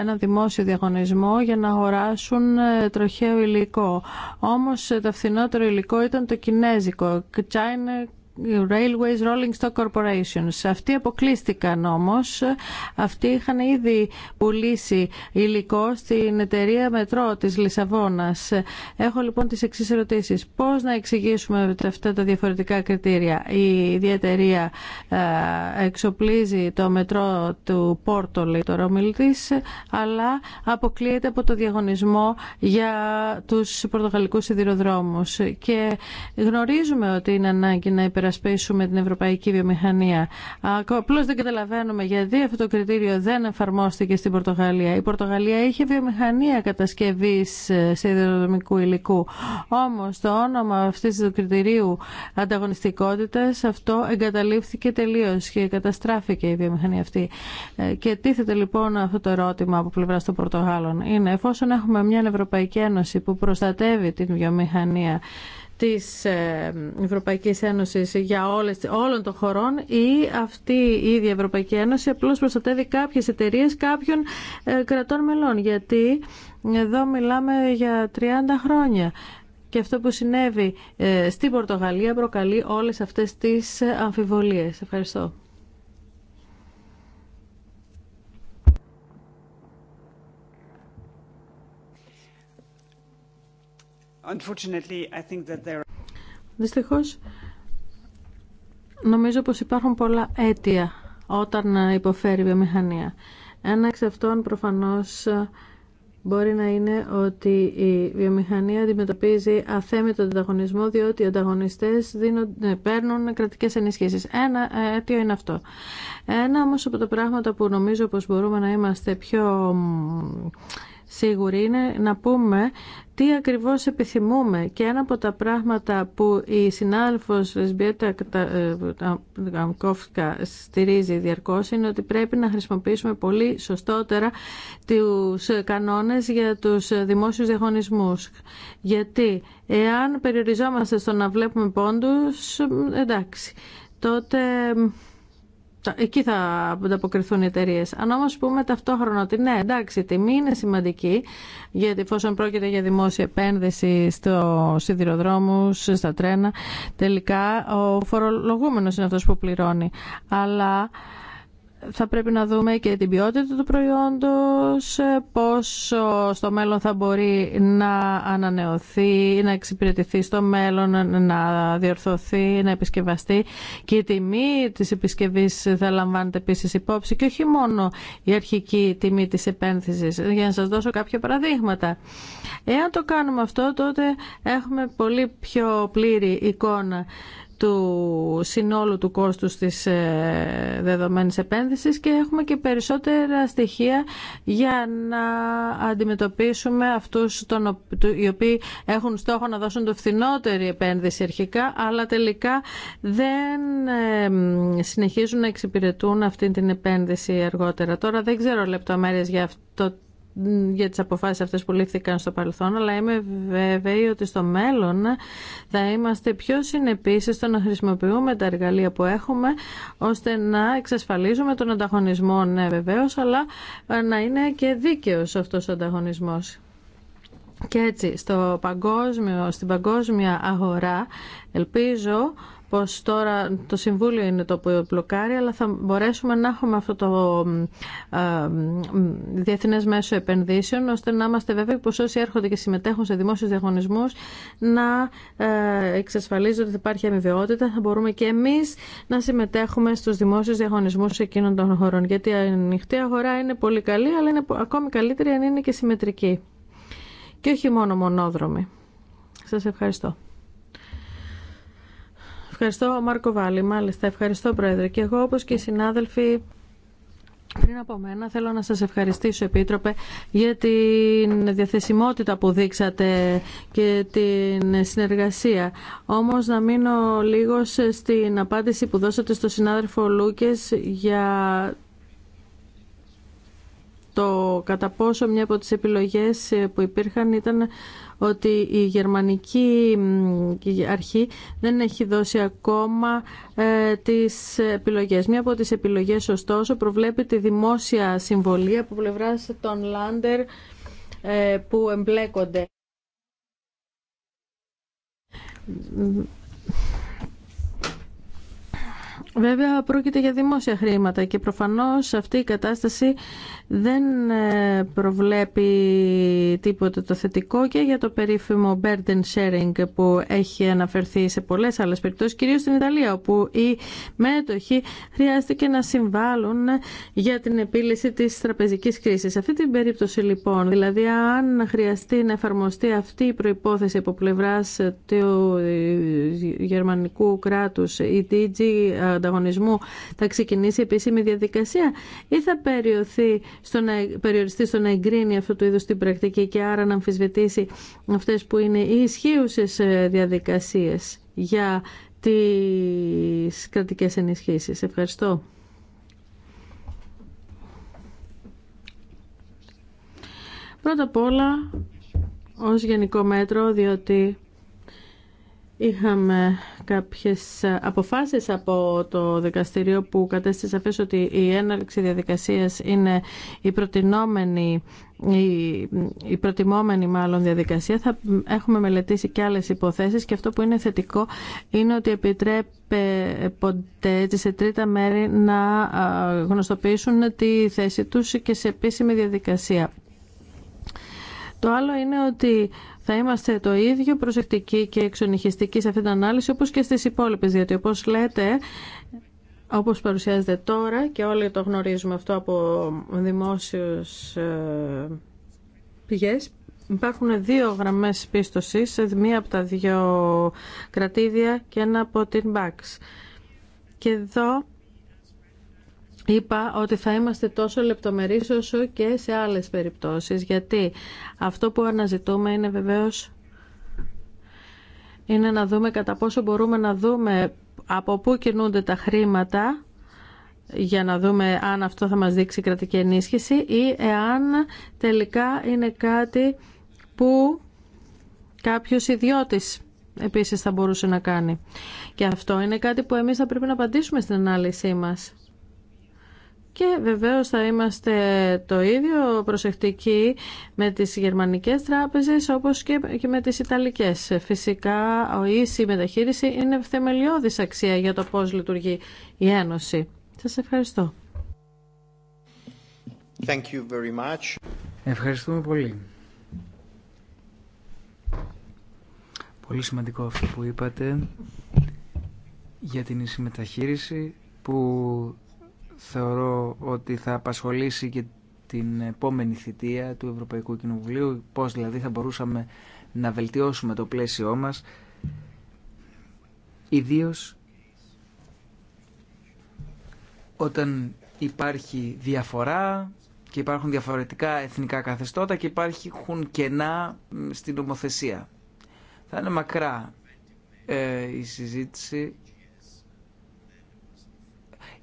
S2: ένα δημόσιο διαγωνισμό για να αγοράσουν ε, τροχαίο υλικό. Όμως ε, το φθηνότερο υλικό ήταν το κινέζικο, China Railways Rolling Stock Corporations. Αυτοί αποκλείστηκαν όμως. Αυτοί είχαν ήδη πουλήσει υλικό στην εταιρεία μετρό της Λισαβόνας. Έχω λοιπόν τις εξής ερωτήσεις. Πώς να εξηγήσουμε αυτά τα διαφορετικά κριτήρια. Η ίδια εξοπλίζει το μετρό του Πόρτο, λέει το Ρομιλτής, αλλά αποκλείεται από το διαγωνισμό για τους πορτογαλικούς σιδηροδρόμους. Και γνωρίζουμε ότι είναι ανάγκη να υπερασπίσουμε την ευρωπαϊκή βιομηχανία. Απλώ δεν καταλαβαίνουμε γιατί αυτό το κριτήριο δεν εφαρμόστηκε στην Πορτογαλία. Η Πορτογαλία είχε βιομηχανία κατασκευή ε, σιδηροδρομικού υλικού. Όμω το όνομα αυτή του κριτηρίου ανταγωνιστικότητα αυτό εγκαταλείφθηκε τελείω και καταστράφηκε η βιομηχανία αυτή. Ε, και τίθεται λοιπόν αυτό το ερώτημα από πλευρά των Πορτογάλων. Είναι εφόσον έχουμε μια Ευρωπαϊκή Ένωση που προστατεύει την βιομηχανία της ε, Ευρωπαϊκής Ένωσης για όλες, όλων των χωρών ή αυτή η ίδια Ευρωπαϊκή Ένωση απλώς προστατεύει κάποιες εταιρείες κάποιων ε, κρατών μελών γιατί εδώ μιλάμε για 30 χρόνια και αυτό που συνέβη ε, στην Πορτογαλία προκαλεί όλες αυτές τις αμφιβολίες. Ευχαριστώ. Δυστυχώς, νομίζω πως υπάρχουν πολλά αίτια όταν υποφέρει η βιομηχανία. Ένα εξ αυτών προφανώς μπορεί να είναι ότι η βιομηχανία αντιμετωπίζει αθέμητο ανταγωνισμό διότι οι ανταγωνιστές δίνουν, παίρνουν κρατικές ενισχύσεις. Ένα αίτιο είναι αυτό. Ένα όμως από τα πράγματα που νομίζω πως μπορούμε να είμαστε πιο σίγουροι είναι να πούμε τι ακριβώς επιθυμούμε και ένα από τα πράγματα που η συνάδελφος Ρεσμπιέτα Καμκόφσκα ε, στηρίζει διαρκώς είναι ότι πρέπει να χρησιμοποιήσουμε πολύ σωστότερα τους κανόνες για τους δημόσιους διαγωνισμούς. Γιατί εάν περιοριζόμαστε στο να βλέπουμε πόντους, εντάξει, τότε εκεί θα ανταποκριθούν οι εταιρείε. Αν όμω πούμε ταυτόχρονα ότι ναι, εντάξει, η τιμή είναι σημαντική, γιατί εφόσον πρόκειται για δημόσια επένδυση στο σιδηροδρόμου, στα τρένα, τελικά ο φορολογούμενο είναι αυτό που πληρώνει. Αλλά θα πρέπει να δούμε και την ποιότητα του προϊόντος, πόσο στο μέλλον θα μπορεί να ανανεωθεί, να εξυπηρετηθεί στο μέλλον, να διορθωθεί, να επισκευαστεί και η τιμή της επισκευής θα λαμβάνεται επίση υπόψη και όχι μόνο η αρχική τιμή της επένδυσης. Για να σας δώσω κάποια παραδείγματα. Εάν το κάνουμε αυτό τότε έχουμε πολύ πιο πλήρη εικόνα του συνόλου του κόστους της ε, δεδομένης επένδυσης και έχουμε και περισσότερα στοιχεία για να αντιμετωπίσουμε αυτούς τον, οι οποίοι έχουν στόχο να δώσουν το φθηνότερη επένδυση αρχικά αλλά τελικά δεν συνεχίζουν να εξυπηρετούν αυτή την επένδυση αργότερα. Τώρα δεν ξέρω λεπτομέρειες για αυτό για τις αποφάσεις αυτές που λήφθηκαν στο παρελθόν, αλλά είμαι βέβαιη ότι στο μέλλον θα είμαστε πιο συνεπείς στο να χρησιμοποιούμε τα εργαλεία που έχουμε, ώστε να εξασφαλίζουμε τον ανταγωνισμό, ναι βεβαίως, αλλά ε, να είναι και δίκαιος αυτός ο ανταγωνισμός. Και έτσι, στο στην παγκόσμια αγορά, ελπίζω πως τώρα το Συμβούλιο είναι το που πλοκάρει, αλλά θα μπορέσουμε να έχουμε αυτό το ε, διεθνές μέσο επενδύσεων, ώστε να είμαστε βέβαιοι πως όσοι έρχονται και συμμετέχουν σε δημόσιους διαγωνισμούς να ε, εξασφαλίζονται ότι υπάρχει αμοιβαιότητα, θα μπορούμε και εμείς να συμμετέχουμε στους δημόσιους διαγωνισμούς εκείνων των χωρών. Γιατί η ανοιχτή αγορά είναι πολύ καλή, αλλά είναι ακόμη καλύτερη αν είναι και συμμετρική. Και όχι μόνο μονόδρομη. Σας ευχαριστώ. Ευχαριστώ, Μάρκο Βάλη, Μάλιστα, ευχαριστώ, Πρόεδρε. Και εγώ, όπως και οι συνάδελφοι, πριν από μένα θέλω να σας ευχαριστήσω Επίτροπε για την διαθεσιμότητα που δείξατε και την συνεργασία. Όμως να μείνω λίγο στην απάντηση που δώσατε στο συνάδελφο Λούκες για το κατά πόσο μια από τις επιλογές που υπήρχαν ήταν ότι η γερμανική αρχή δεν έχει δώσει ακόμα ε, τις επιλογές. Μία από τις επιλογές ωστόσο προβλέπει τη δημόσια συμβολή από πλευρά των Λάντερ ε, που εμπλέκονται. Βέβαια πρόκειται για δημόσια χρήματα και προφανώς αυτή η κατάσταση δεν ε, προβλέπει τίποτα το θετικό και για το περίφημο burden sharing που έχει αναφερθεί σε πολλές άλλες περιπτώσεις, κυρίως στην Ιταλία όπου οι μέτοχοι χρειάστηκε να συμβάλλουν για την επίλυση της τραπεζικής κρίσης. Σε αυτή την περίπτωση λοιπόν, δηλαδή αν χρειαστεί να εφαρμοστεί αυτή η προϋπόθεση από πλευράς του γερμανικού κράτους, η DG ανταγωνισμού θα ξεκινήσει επίσημη διαδικασία ή θα περιοθεί στο να, περιοριστεί στο να εγκρίνει αυτού του είδους την πρακτική και άρα να αμφισβητήσει αυτές που είναι οι ισχύουσες ε, διαδικασίες για τις κρατικές ενισχύσεις. Ευχαριστώ. Πρώτα απ' όλα ως γενικό μέτρο, διότι Είχαμε κάποιες αποφάσεις από το δικαστήριο που κατέστησε σαφές ότι η έναρξη διαδικασίας είναι η προτινόμενη η, προτιμόμενη μάλλον διαδικασία θα έχουμε μελετήσει και άλλες υποθέσεις και αυτό που είναι θετικό είναι ότι επιτρέπεται σε τρίτα μέρη να γνωστοποιήσουν τη θέση τους και σε επίσημη διαδικασία. Το άλλο είναι ότι θα είμαστε το ίδιο προσεκτικοί και εξονυχιστικοί σε αυτή την ανάλυση όπως και στις υπόλοιπες, διότι όπως λέτε όπως παρουσιάζεται τώρα και όλοι το γνωρίζουμε αυτό από δημόσιους ε, πηγές, Υπάρχουν δύο γραμμές πίστοσης, μία από τα δύο κρατήδια και ένα από την BACS. Και εδώ Είπα ότι θα είμαστε τόσο λεπτομερείς όσο και σε άλλες περιπτώσεις, γιατί αυτό που αναζητούμε είναι βεβαίως είναι να δούμε κατά πόσο μπορούμε να δούμε από πού κινούνται τα χρήματα για να δούμε αν αυτό θα μας δείξει κρατική ενίσχυση ή εάν τελικά είναι κάτι που κάποιος ιδιώτης επίσης θα μπορούσε να κάνει. Και αυτό είναι κάτι που εμείς θα πρέπει να απαντήσουμε στην ανάλυση μας και βεβαίως θα είμαστε το ίδιο προσεκτικοί με τις γερμανικές τράπεζες όπως και με τις ιταλικές. Φυσικά η ίση μεταχείριση είναι θεμελιώδης αξία για το πώς λειτουργεί η Ένωση. Σας ευχαριστώ.
S1: you very much.
S3: Ευχαριστούμε πολύ. Πολύ σημαντικό αυτό που είπατε για την ίση μεταχείριση που θεωρώ ότι θα απασχολήσει και την επόμενη θητεία του Ευρωπαϊκού Κοινοβουλίου, πώς δηλαδή θα μπορούσαμε να βελτιώσουμε το πλαίσιό μας, ιδίως όταν υπάρχει διαφορά και υπάρχουν διαφορετικά εθνικά καθεστώτα και υπάρχουν κενά στην νομοθεσία. Θα είναι μακρά ε, η συζήτηση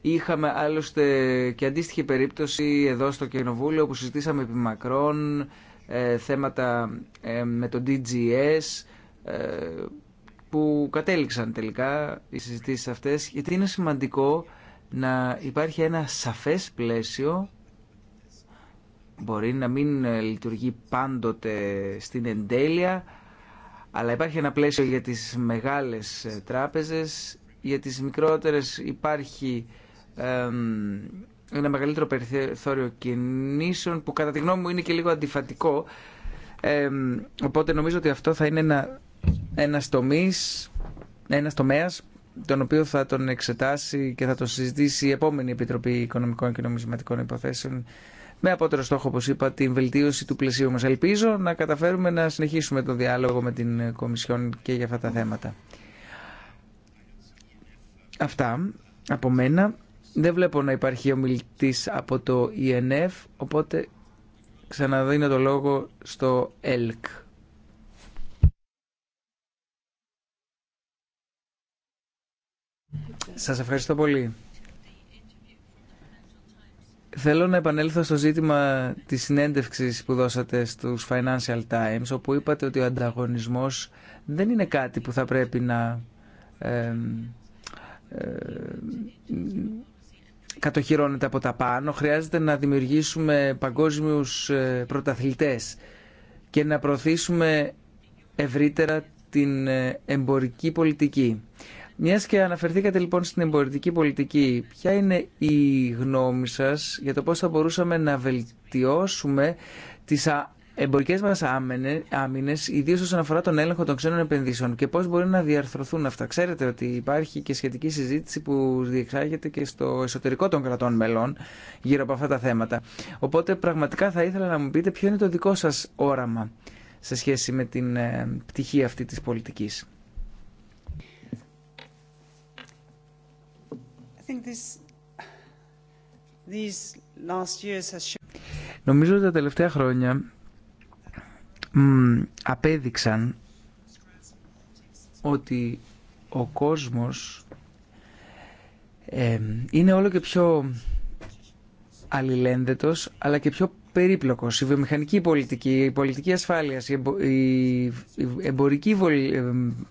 S3: Είχαμε άλλωστε και αντίστοιχη περίπτωση εδώ στο Κοινοβούλιο που συζητήσαμε επί μακρόν ε, θέματα ε, με το DGS ε, που κατέληξαν τελικά οι συζητήσεις αυτές γιατί είναι σημαντικό να υπάρχει ένα σαφές πλαίσιο μπορεί να μην λειτουργεί πάντοτε στην εντέλεια αλλά υπάρχει ένα πλαίσιο για τις μεγάλες τράπεζες για τις μικρότερες υπάρχει ένα μεγαλύτερο περιθώριο κινήσεων που κατά τη γνώμη μου είναι και λίγο αντιφατικό. Ε, οπότε νομίζω ότι αυτό θα είναι ένα, ένας τομής, ένας τομέας τον οποίο θα τον εξετάσει και θα τον συζητήσει η επόμενη Επιτροπή Οικονομικών και Νομισματικών Υποθέσεων με απότερο στόχο, όπως είπα, την βελτίωση του πλαισίου μας. Ελπίζω να καταφέρουμε να συνεχίσουμε το διάλογο με την Κομισιόν και για αυτά τα θέματα. Αυτά από μένα. Δεν βλέπω να υπάρχει ομιλητής από το ΙΕΝΕΦ, e οπότε ξαναδίνω το λόγο στο ΕΛΚ. Σας ευχαριστώ πολύ. Θέλω να επανέλθω στο ζήτημα της συνέντευξης που δώσατε στους Financial Times, όπου είπατε ότι ο ανταγωνισμός δεν είναι κάτι που θα πρέπει να ε, κατοχυρώνεται από τα πάνω. Χρειάζεται να δημιουργήσουμε παγκόσμιου ε, πρωταθλητές και να προωθήσουμε ευρύτερα την ε, εμπορική πολιτική. Μια και αναφερθήκατε λοιπόν στην εμπορική πολιτική, ποια είναι η γνώμη σας για το πώς θα μπορούσαμε να βελτιώσουμε τις εμπορικέ μα άμυνε, ιδίω όσον αφορά τον έλεγχο των ξένων επενδύσεων και πώ μπορεί να διαρθρωθούν αυτά. Ξέρετε ότι υπάρχει και σχετική συζήτηση που διεξάγεται και στο εσωτερικό των κρατών μελών γύρω από αυτά τα θέματα. Οπότε πραγματικά θα ήθελα να μου πείτε ποιο είναι το δικό σα όραμα σε σχέση με την ε, πτυχή αυτή της πολιτικής. Νομίζω ότι τα τελευταία χρόνια απέδειξαν ότι ο κόσμος ε, είναι όλο και πιο αλληλένδετος αλλά και πιο περίπλοκος. Η βιομηχανική πολιτική, η πολιτική ασφάλειας, η, εμπορική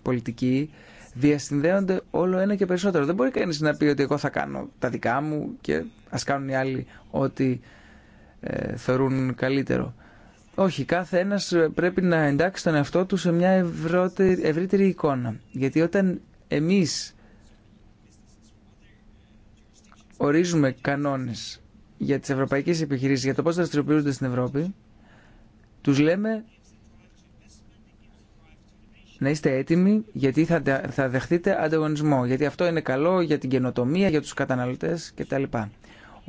S3: πολιτική διασυνδέονται όλο ένα και περισσότερο. Δεν μπορεί κανείς να πει ότι εγώ θα κάνω τα δικά μου και ας κάνουν οι άλλοι ό,τι ε, θεωρούν καλύτερο. Όχι, κάθε ένας ε, πρέπει να εντάξει τον εαυτό του σε μια ευρύτερη εικόνα. Γιατί όταν εμείς ορίζουμε κανόνες για τι ευρωπαϊκέ επιχειρήσει, για το πώς δραστηριοποιούνται στην Ευρώπη, τους λέμε να είστε έτοιμοι γιατί θα, θα δεχτείτε ανταγωνισμό. Γιατί αυτό είναι καλό για την καινοτομία, για τους καταναλωτέ κτλ.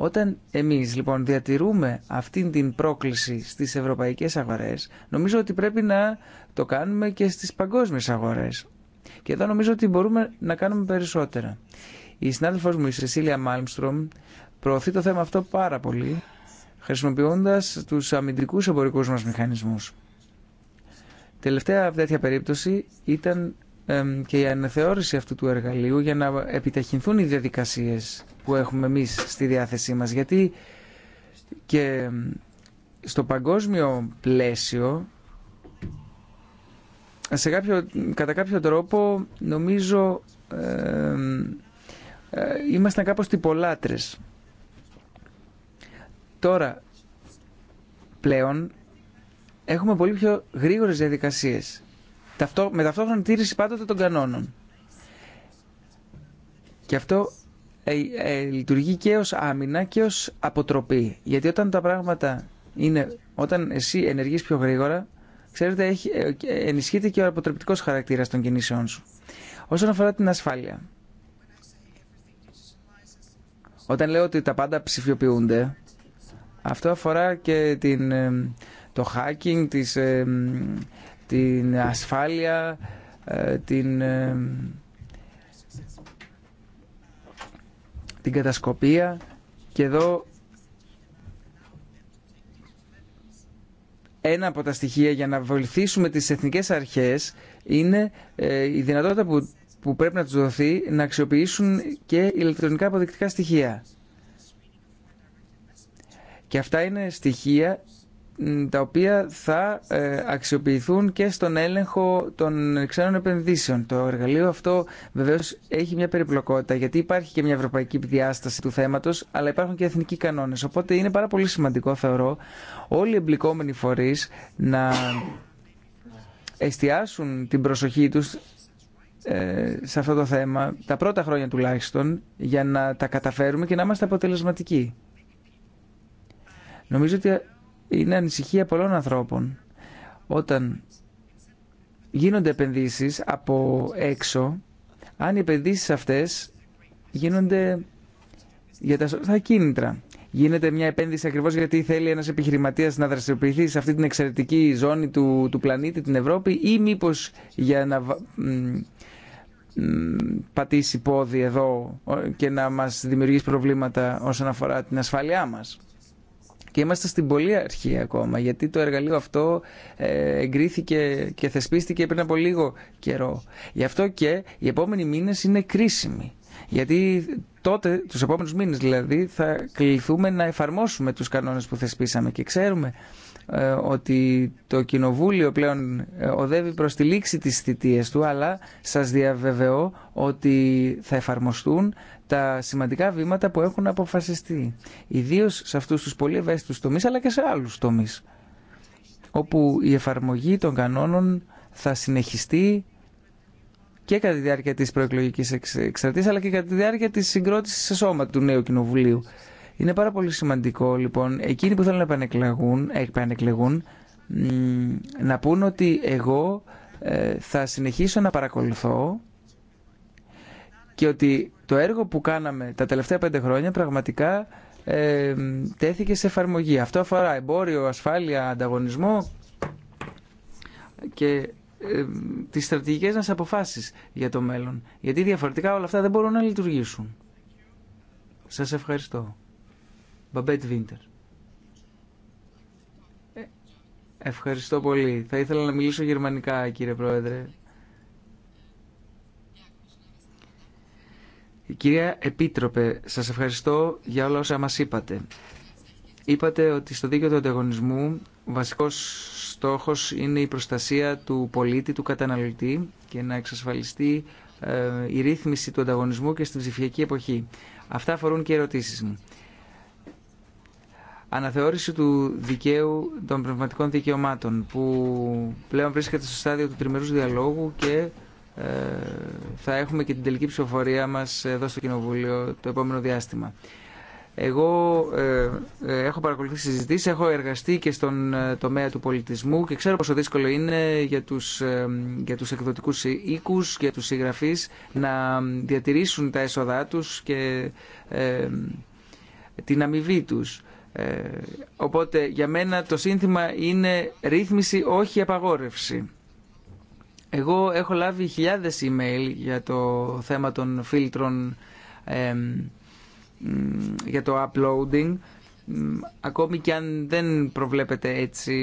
S3: Όταν εμείς λοιπόν διατηρούμε αυτήν την πρόκληση στις ευρωπαϊκές αγορές, νομίζω ότι πρέπει να το κάνουμε και στις παγκόσμιες αγορές. Και εδώ νομίζω ότι μπορούμε να κάνουμε περισσότερα. Η συνάδελφός μου η Σεσίλια Μάλμστρομ προωθεί το θέμα αυτό πάρα πολύ, χρησιμοποιώντας τους αμυντικούς εμπορικούς μας μηχανισμούς. Τελευταία τέτοια περίπτωση ήταν και η αναθεώρηση αυτού του εργαλείου για να επιταχυνθούν οι διαδικασίες που έχουμε εμείς στη διάθεσή μας. Γιατί και στο παγκόσμιο πλαίσιο, σε κάποιο, κατά κάποιο τρόπο, νομίζω ε, ε, κάπως τυπολάτρες. Τώρα, πλέον, έχουμε πολύ πιο γρήγορες διαδικασίες με ταυτόχρονη τήρηση πάντοτε των κανόνων. Και αυτό ε, ε, λειτουργεί και ως άμυνα και ως αποτροπή. Γιατί όταν τα πράγματα είναι, όταν εσύ ενεργείς πιο γρήγορα, ξέρετε, έχει, ε, ενισχύεται και ο αποτρεπτικός χαρακτήρας των κινήσεών σου. Όσον αφορά την ασφάλεια, όταν λέω ότι τα πάντα ψηφιοποιούνται, αυτό αφορά και την, το hacking, τις, την ασφάλεια, ε, την, ε, την κατασκοπία και εδώ ένα από τα στοιχεία για να βοηθήσουμε τις εθνικές αρχές είναι ε, η δυνατότητα που, που πρέπει να τους δοθεί να αξιοποιήσουν και ηλεκτρονικά αποδεικτικά στοιχεία. Και αυτά είναι στοιχεία τα οποία θα ε, αξιοποιηθούν και στον έλεγχο των ξένων επενδύσεων. Το εργαλείο αυτό βεβαίως έχει μια περιπλοκότητα γιατί υπάρχει και μια ευρωπαϊκή διάσταση του θέματος αλλά υπάρχουν και εθνικοί κανόνες. Οπότε είναι πάρα πολύ σημαντικό θεωρώ όλοι οι εμπλικόμενοι φορείς να εστιάσουν την προσοχή τους ε, σε αυτό το θέμα τα πρώτα χρόνια τουλάχιστον για να τα καταφέρουμε και να είμαστε αποτελεσματικοί. Νομίζω ότι είναι ανησυχία πολλών ανθρώπων. Όταν γίνονται επενδύσεις από έξω, αν οι επενδύσεις αυτές γίνονται για τα σωστά κίνητρα. Γίνεται μια επένδυση ακριβώς γιατί θέλει ένας επιχειρηματίας να δραστηριοποιηθεί σε αυτή την εξαιρετική ζώνη του, του πλανήτη, την Ευρώπη, ή μήπως για να πατήσει πόδι εδώ και να μας δημιουργήσει προβλήματα όσον αφορά την ασφάλειά μας. Και είμαστε στην πολύ αρχή ακόμα, γιατί το εργαλείο αυτό ε, εγκρίθηκε και θεσπίστηκε πριν από λίγο καιρό. Γι' αυτό και οι επόμενοι μήνες είναι κρίσιμοι. Γιατί τότε, τους επόμενους μήνες δηλαδή, θα κληθούμε να εφαρμόσουμε τους κανόνες που θεσπίσαμε. Και ξέρουμε ε, ότι το Κοινοβούλιο πλέον ε, οδεύει προς τη λήξη της θητείας του, αλλά σας διαβεβαιώ ότι θα εφαρμοστούν τα σημαντικά βήματα που έχουν αποφασιστεί. Ιδίω σε αυτού του πολύ ευαίσθητου τομεί, αλλά και σε άλλου τομεί. Όπου η εφαρμογή των κανόνων θα συνεχιστεί και κατά τη διάρκεια τη προεκλογική εξαρτή, αλλά και κατά τη διάρκεια τη συγκρότηση σε σώμα του νέου κοινοβουλίου. Είναι πάρα πολύ σημαντικό, λοιπόν, εκείνοι που θέλουν να επανεκλεγούν, ε, επανεκλεγούν να πούν ότι εγώ ε, θα συνεχίσω να παρακολουθώ και ότι το έργο που κάναμε τα τελευταία πέντε χρόνια πραγματικά ε, τέθηκε σε εφαρμογή. Αυτό αφορά εμπόριο, ασφάλεια, ανταγωνισμό και ε, τις στρατηγικές μας αποφάσεις για το μέλλον. Γιατί διαφορετικά όλα αυτά δεν μπορούν να λειτουργήσουν. Σας ευχαριστώ. Μπαμπέτ Βίντερ. Ε. Ευχαριστώ πολύ. Θα ήθελα να μιλήσω γερμανικά, κύριε Πρόεδρε. Κυρία Επίτροπε, σας ευχαριστώ για όλα όσα μας είπατε. Είπατε ότι στο δίκαιο του ανταγωνισμού ο βασικός στόχος είναι η προστασία του πολίτη, του καταναλωτή και να εξασφαλιστεί ε, η ρύθμιση του ανταγωνισμού και στην ψηφιακή εποχή. Αυτά αφορούν και ερωτήσει μου. Αναθεώρηση του δικαίου των πνευματικών δικαιωμάτων που πλέον βρίσκεται στο στάδιο του τριμερούς διαλόγου και ε, θα έχουμε και την τελική ψηφοφορία μας εδώ στο Κοινοβούλιο το επόμενο διάστημα. Εγώ ε, ε, έχω παρακολουθήσει συζητήσει, έχω εργαστεί και στον τομέα του πολιτισμού και ξέρω πόσο δύσκολο είναι για τους, για τους εκδοτικούς οίκους, για τους συγγραφείς να διατηρήσουν τα έσοδά τους και την αμοιβή τους. οπότε για μένα το σύνθημα είναι ρύθμιση όχι απαγόρευση. Εγώ έχω λάβει χιλιάδες email για το θέμα των φίλτρων για το uploading ακόμη και αν δεν προβλέπεται έτσι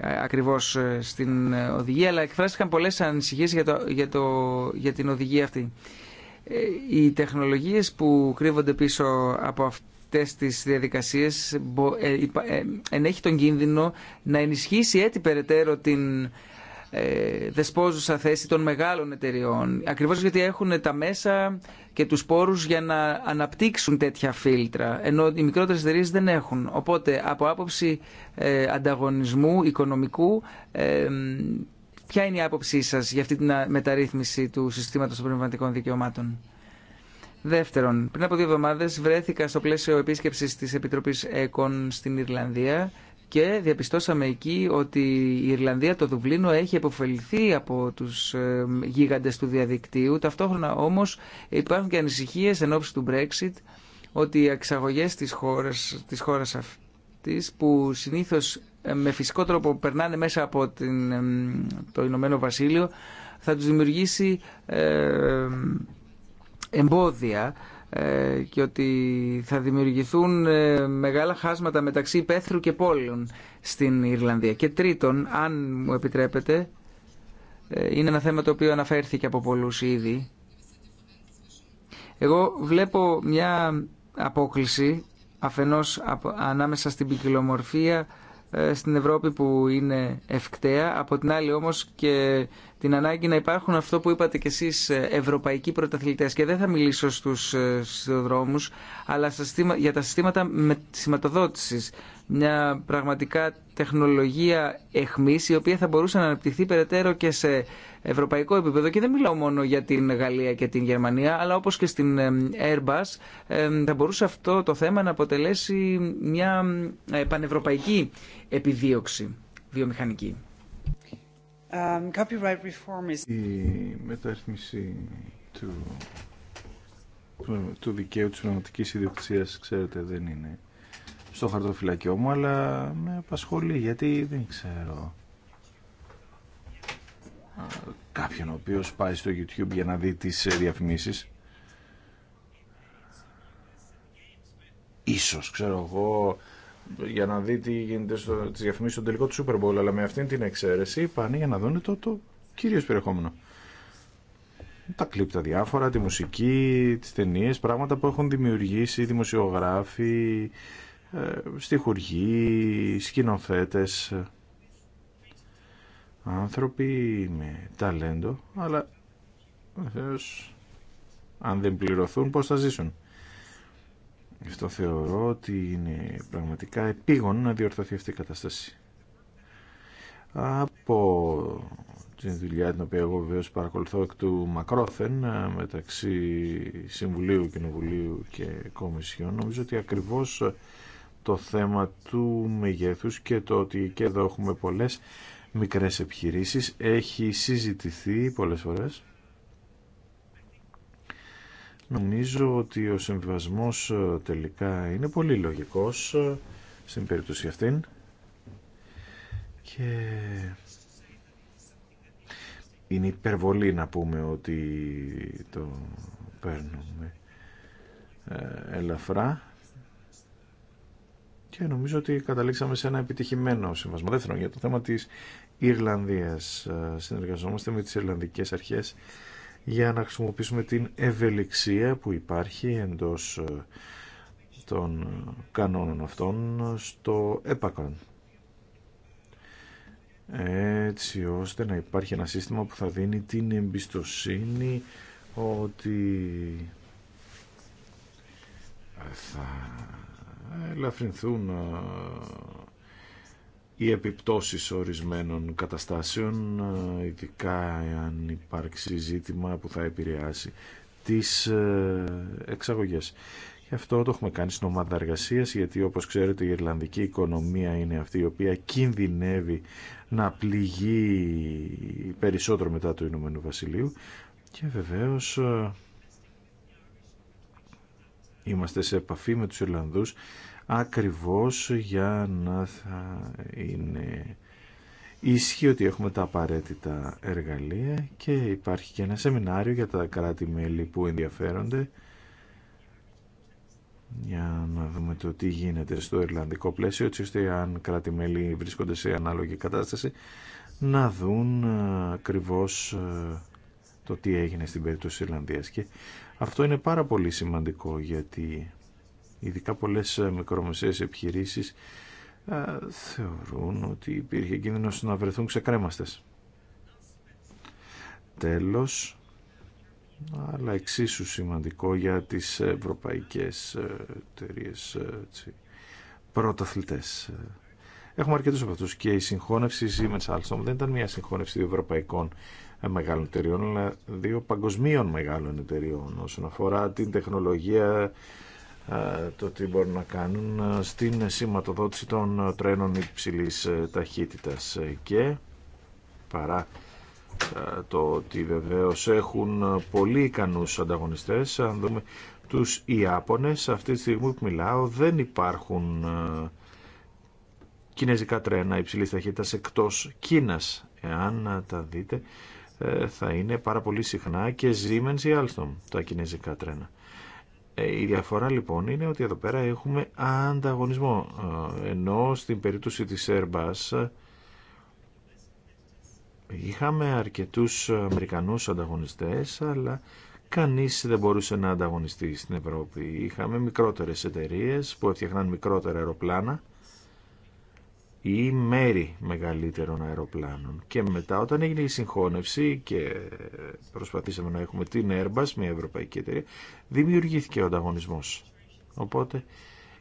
S3: ε, ακριβώς ε, στην ε, οδηγία αλλά εκφράστηκαν πολλές ανησυχίες για, το, για, το, για την οδηγία αυτή. Οι τεχνολογίες που κρύβονται πίσω από αυτές τις διαδικασίες ενέχει τον κίνδυνο να ενισχύσει έτσι περαιτέρω την ε, δεσπόζουσα θέση των μεγάλων εταιριών. Ακριβώς γιατί έχουν τα μέσα και τους πόρους για να αναπτύξουν τέτοια φίλτρα, ενώ οι μικρότερες εταιρείε δεν έχουν. Οπότε, από άποψη ε, ανταγωνισμού, οικονομικού, ε, ποια είναι η άποψή σας για αυτή την μεταρρύθμιση του συστήματος των πνευματικών δικαιωμάτων. Δεύτερον, πριν από δύο εβδομάδες βρέθηκα στο πλαίσιο επίσκεψης της Επιτροπής ΕΚΟΝ στην Ιρλανδία και διαπιστώσαμε εκεί ότι η Ιρλανδία, το Δουβλίνο, έχει επωφεληθεί από τους ε, γίγαντες του διαδικτύου. Ταυτόχρονα όμως υπάρχουν και ανησυχίες εν του Brexit ότι οι εξαγωγές της χώρας, της αυτής που συνήθως ε, με φυσικό τρόπο περνάνε μέσα από την, ε, το Ηνωμένο Βασίλειο θα τους δημιουργήσει εμπόδια ε, και ότι θα δημιουργηθούν ε, μεγάλα χάσματα μεταξύ υπαίθρου και πόλων στην Ιρλανδία. Και τρίτον, αν μου επιτρέπετε, ε, είναι ένα θέμα το οποίο αναφέρθηκε από πολλούς ήδη. Εγώ βλέπω μια απόκληση αφενός ανάμεσα στην ποικιλομορφία στην Ευρώπη που είναι ευκταία, από την άλλη όμως και την ανάγκη να υπάρχουν αυτό που είπατε κι εσείς ε, ευρωπαϊκοί πρωταθλητές και δεν θα μιλήσω στους, ε, στους δρόμους αλλά για τα συστήματα με σηματοδότησης μια πραγματικά τεχνολογία εχμής η οποία θα μπορούσε να αναπτυχθεί περαιτέρω και σε ευρωπαϊκό επίπεδο και δεν μιλάω μόνο για την Γαλλία και την Γερμανία αλλά όπως και στην ε, Airbus θα μπορούσε αυτό το θέμα να αποτελέσει μια πανευρωπαϊκή επιδίωξη βιομηχανική.
S1: Um, Η μεταρρύθμιση του, δικαίου της πνευματικής ιδιοκτησίας, ξέρετε, δεν είναι στο χαρτοφυλακιό μου, αλλά με απασχολεί, γιατί δεν ξέρω κάποιον ο οποίος πάει στο YouTube για να δει τις ε, διαφημίσεις. Ίσως, ξέρω εγώ, για να δει τι γίνεται στο, τις διαφημίσεις στον τελικό του Super Bowl, αλλά με αυτήν την εξαίρεση πάνε για να δουν το, το κυρίως περιεχόμενο. Τα κλιπ τα διάφορα, τη μουσική, τις ταινίε, πράγματα που έχουν δημιουργήσει δημοσιογράφοι, ε, στιχουργοί, σκηνοθέτες, άνθρωποι με ταλέντο, αλλά βέβαιω αν δεν πληρωθούν πώς θα ζήσουν. Γι' αυτό θεωρώ ότι είναι πραγματικά επίγον να διορθωθεί αυτή η κατάσταση. Από την δουλειά την οποία εγώ βεβαίω παρακολουθώ εκ του Μακρόθεν ε, μεταξύ Συμβουλίου, Κοινοβουλίου και Κομισιόν νομίζω ότι ακριβώς το θέμα του μεγέθους και το ότι και εδώ έχουμε πολλές μικρές επιχειρήσεις έχει συζητηθεί πολλές φορές Νομίζω ότι ο συμβιβασμός ε, τελικά είναι πολύ λογικός ε, στην περίπτωση αυτήν και είναι υπερβολή να πούμε ότι το παίρνουμε ε, ελαφρά και νομίζω ότι καταλήξαμε σε ένα επιτυχημένο συμβασμό. Δεύτερον, για το θέμα της Ιρλανδίας συνεργαζόμαστε με τις Ιρλανδικές αρχές για να χρησιμοποιήσουμε την ευελιξία που υπάρχει εντός ε, των κανόνων αυτών στο έπακρον. Έτσι ώστε να υπάρχει ένα σύστημα που θα δίνει την εμπιστοσύνη ότι θα ελαφρυνθούν ε, οι επιπτώσεις ορισμένων καταστάσεων, ε, ειδικά αν υπάρξει ζήτημα που θα επηρεάσει τις ε, εξαγωγές. Γι' αυτό το έχουμε κάνει στην ομάδα εργασία, γιατί όπως ξέρετε η Ιρλανδική οικονομία είναι αυτή η οποία κινδυνεύει να πληγεί περισσότερο μετά το Ηνωμένο Βασιλείου και βεβαίως ε, είμαστε σε επαφή με τους Ιρλανδούς ακριβώς για να θα είναι ισχύει ότι έχουμε τα απαραίτητα εργαλεία και υπάρχει και ένα σεμινάριο για τα κράτη-μέλη που ενδιαφέρονται για να δούμε το τι γίνεται στο Ιρλανδικό πλαίσιο έτσι ώστε αν κράτη-μέλη βρίσκονται σε ανάλογη κατάσταση να δουν ε, ακριβώς ε, το τι έγινε στην περίπτωση της Ιρλανδίας και αυτό είναι πάρα πολύ σημαντικό γιατί ειδικά πολλές ε, μικρομεσαίες επιχειρήσεις ε, θεωρούν ότι υπήρχε κίνδυνος να βρεθούν ξεκρέμαστες. Τέλος, αλλά εξίσου σημαντικό για τις ευρωπαϊκές ε, εταιρείε πρωταθλητές. Έχουμε αρκετούς από αυτούς και η συγχώνευση Siemens Alstom δεν ήταν μια συγχώνευση δύο ευρωπαϊκών μεγάλων εταιρείων, αλλά δύο παγκοσμίων μεγάλων εταιρείων όσον αφορά την τεχνολογία, το τι μπορούν να κάνουν στην σηματοδότηση των τρένων υψηλής ε, ταχύτητας ε, και παρά το ότι βεβαίως έχουν πολύ ικανούς ανταγωνιστές αν δούμε τους Ιάπωνες αυτή τη στιγμή που μιλάω δεν υπάρχουν κινέζικα τρένα υψηλής ταχύτητας εκτός Κίνας εάν τα δείτε ε, θα είναι πάρα πολύ συχνά και Siemens ή Alstom τα κινέζικα τρένα ε, η διαφορά λοιπόν είναι ότι εδώ πέρα έχουμε ανταγωνισμό, ε, ενώ στην περίπτωση της Airbus είχαμε αρκετούς Αμερικανούς ανταγωνιστές, αλλά κανείς δεν μπορούσε να ανταγωνιστεί στην Ευρώπη. Είχαμε μικρότερες εταιρείες που έφτιαχναν μικρότερα αεροπλάνα ή μέρη μεγαλύτερων αεροπλάνων. Και μετά όταν έγινε η συγχώνευση και προσπαθήσαμε να έχουμε την Airbus, μια ευρωπαϊκή εταιρεία, δημιουργήθηκε ο ανταγωνισμός. Οπότε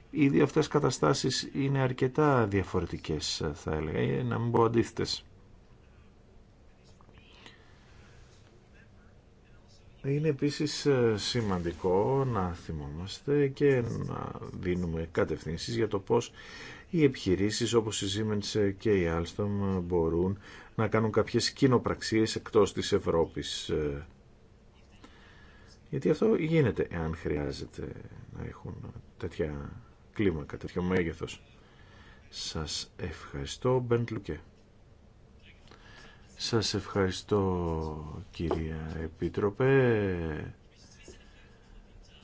S1: οι δύο αυτές καταστάσεις είναι αρκετά διαφορετικές θα έλεγα, να μην πω αντίθετες. Είναι επίσης ε, σημαντικό να θυμόμαστε και να δίνουμε κατευθύνσεις για το πώς οι επιχειρήσεις όπως η Siemens και η Alstom μπορούν να κάνουν κάποιες κοινοπραξίες εκτός της Ευρώπης. Γιατί αυτό γίνεται εάν χρειάζεται να έχουν τέτοια κλίμακα, τέτοιο μέγεθος. Σας ευχαριστώ, Μπεντ Λουκέ. Σας ευχαριστώ, κυρία Επίτροπε.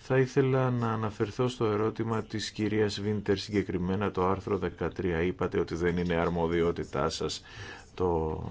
S1: Θα ήθελα να αναφερθώ στο ερώτημα της κυρίας Βίντερ συγκεκριμένα το άρθρο 13. Είπατε ότι δεν είναι αρμοδιότητά σας το...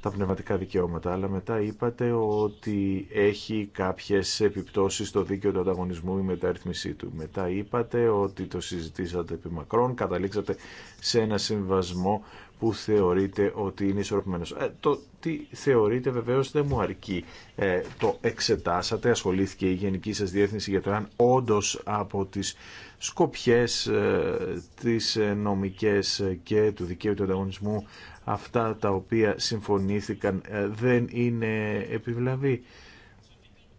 S1: τα πνευματικά δικαιώματα, αλλά μετά είπατε ότι έχει κάποιες επιπτώσεις στο δίκαιο του ανταγωνισμού η μεταρρύθμισή του. Μετά είπατε ότι το συζητήσατε επί μακρόν, καταλήξατε σε ένα συμβασμό που θεωρείτε ότι είναι ισορροπημένος. Ε, το τι θεωρείτε βεβαίως δεν μου αρκεί. Ε, το εξετάσατε, ασχολήθηκε η Γενική σας Διεύθυνση για το αν όντως από τις σκοπιές, ε, τις ε, νομικές ε, και του δικαίου του ανταγωνισμού αυτά τα οποία συμφωνήθηκαν δεν είναι επιβλαβή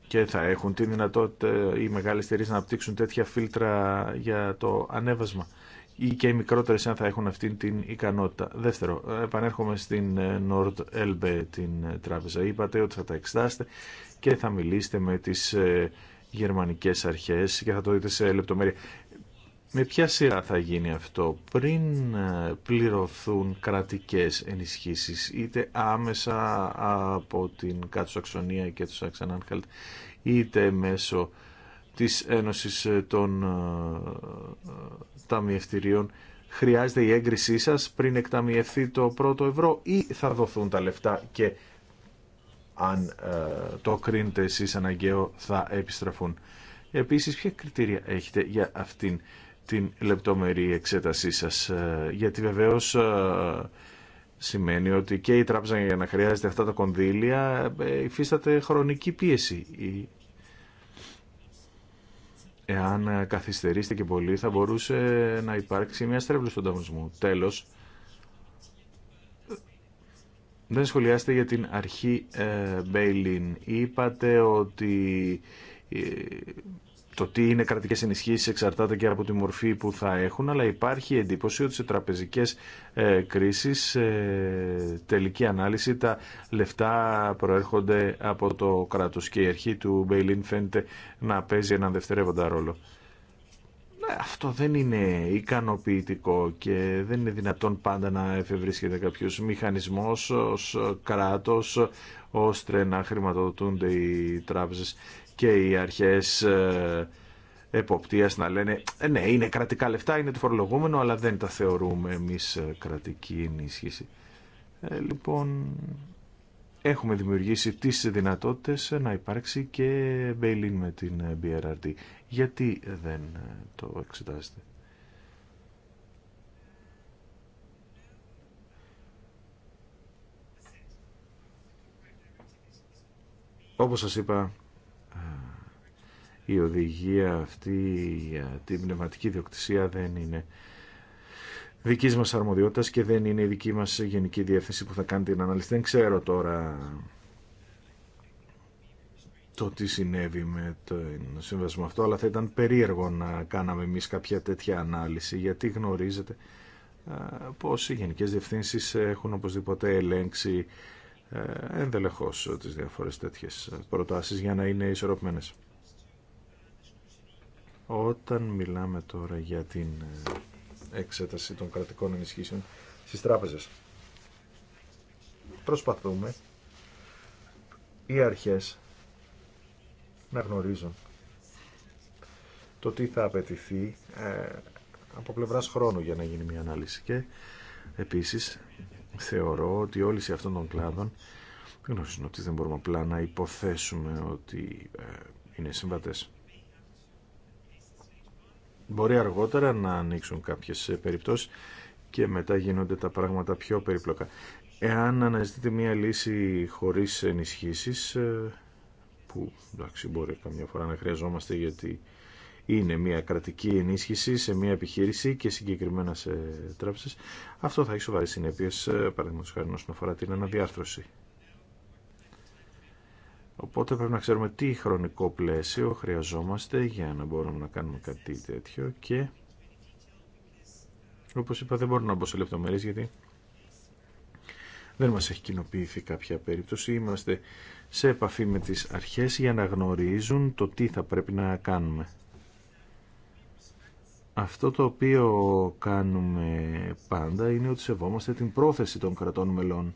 S1: και θα έχουν τη δυνατότητα οι μεγάλες εταιρείε να απτύξουν τέτοια φίλτρα για το ανέβασμα ή και οι μικρότερες αν θα έχουν αυτή την ικανότητα. Δεύτερο, επανέρχομαι στην ε, Nord Elbe την ε, τράπεζα. Είπατε ότι θα τα εξετάσετε και θα μιλήσετε με τις ε, γερμανικές αρχές και θα το δείτε σε λεπτομέρεια. Με ποια σειρά θα γίνει αυτό πριν πληρωθούν κρατικές ενισχύσεις είτε άμεσα από την κάτω αξονία και τους Αξανάνχαλτ είτε μέσω της Ένωσης των ταμιευτηρίων χρειάζεται η έγκρισή σας πριν εκταμιευθεί το πρώτο ευρώ ή θα δοθούν τα λεφτά και αν ε, το κρίνετε εσείς αναγκαίο θα επιστραφούν. Επίσης, ποια κριτήρια έχετε για αυτήν την λεπτομερή εξέτασή σας, ε, γιατί βεβαίως ε, σημαίνει ότι και η τράπεζα για να χρειάζεται αυτά τα κονδύλια ε, υφίσταται χρονική πίεση. Η εάν ε, καθυστερήσετε και πολύ θα μπορούσε να υπάρξει μια στρέβλωση στον ανταγωνισμού. Τέλος, δεν σχολιάστε για την αρχή ε, Μπέιλιν. Είπατε ότι ε, το τι είναι κρατικέ ενισχύσει εξαρτάται και από τη μορφή που θα έχουν, αλλά υπάρχει εντύπωση ότι σε τραπεζικέ ε, κρίσει, σε τελική ανάλυση, τα λεφτά προέρχονται από το κράτο και η αρχή του Μπέιλιν φαίνεται να παίζει έναν δευτερεύοντα ρόλο. Ε, αυτό δεν είναι ικανοποιητικό και δεν είναι δυνατόν πάντα να εφευρίσκεται κάποιος μηχανισμός ως κράτος ώστε να χρηματοδοτούνται οι τράπεζες και οι αρχές ε, εποπτείας να λένε «Ε, ναι είναι κρατικά λεφτά, είναι το φορολογούμενο αλλά δεν τα θεωρούμε εμείς ε, κρατική ενίσχυση. λοιπόν έχουμε δημιουργήσει τις δυνατότητες να υπάρξει και bail με την BRRD. Γιατί δεν το εξετάζετε. Όπως σας είπα, η οδηγία αυτή για την πνευματική διοκτησία δεν είναι δική μα αρμοδιότητα και δεν είναι η δική μα γενική διεύθυνση που θα κάνει την ανάλυση. Δεν ξέρω τώρα το τι συνέβη με το συμβασμό αυτό, αλλά θα ήταν περίεργο να κάναμε εμεί κάποια τέτοια ανάλυση, γιατί γνωρίζετε πως οι γενικές διευθύνσεις έχουν οπωσδήποτε ελέγξει ε, ενδελεχώς τις διάφορες τέτοιες προτάσεις για να είναι ισορροπημένες. Όταν μιλάμε τώρα για την ε, εξέταση των κρατικών ενισχύσεων στις τράπεζες, προσπαθούμε οι αρχές να γνωρίζουν το τι θα απαιτηθεί ε, από πλευράς χρόνου για να γίνει μια ανάλυση και επίσης θεωρώ ότι όλοι σε αυτόν τον κλάδο γνωρίζουν ότι δεν μπορούμε απλά να υποθέσουμε ότι ε, είναι συμβατές. Μπορεί αργότερα να ανοίξουν κάποιες ε, περιπτώσεις και μετά γίνονται τα πράγματα πιο περίπλοκα. Εάν αναζητείτε μία λύση χωρίς ενισχύσεις, ε, που εντάξει μπορεί καμιά φορά να χρειαζόμαστε γιατί είναι μια κρατική ενίσχυση σε μια επιχείρηση και συγκεκριμένα σε τράπεζες, αυτό θα έχει σοβαρέ συνέπειε, παραδείγματο χάρη όσον αφορά την αναδιάρθρωση. Οπότε πρέπει να ξέρουμε τι χρονικό πλαίσιο χρειαζόμαστε για να μπορούμε να κάνουμε κάτι τέτοιο και όπως είπα δεν μπορώ να μπω σε λεπτομέρειες γιατί δεν μας έχει κοινοποιηθεί κάποια περίπτωση. Είμαστε σε επαφή με τις αρχές για να γνωρίζουν το τι θα πρέπει να κάνουμε. Αυτό το οποίο κάνουμε πάντα είναι ότι σεβόμαστε την πρόθεση των κρατών μελών.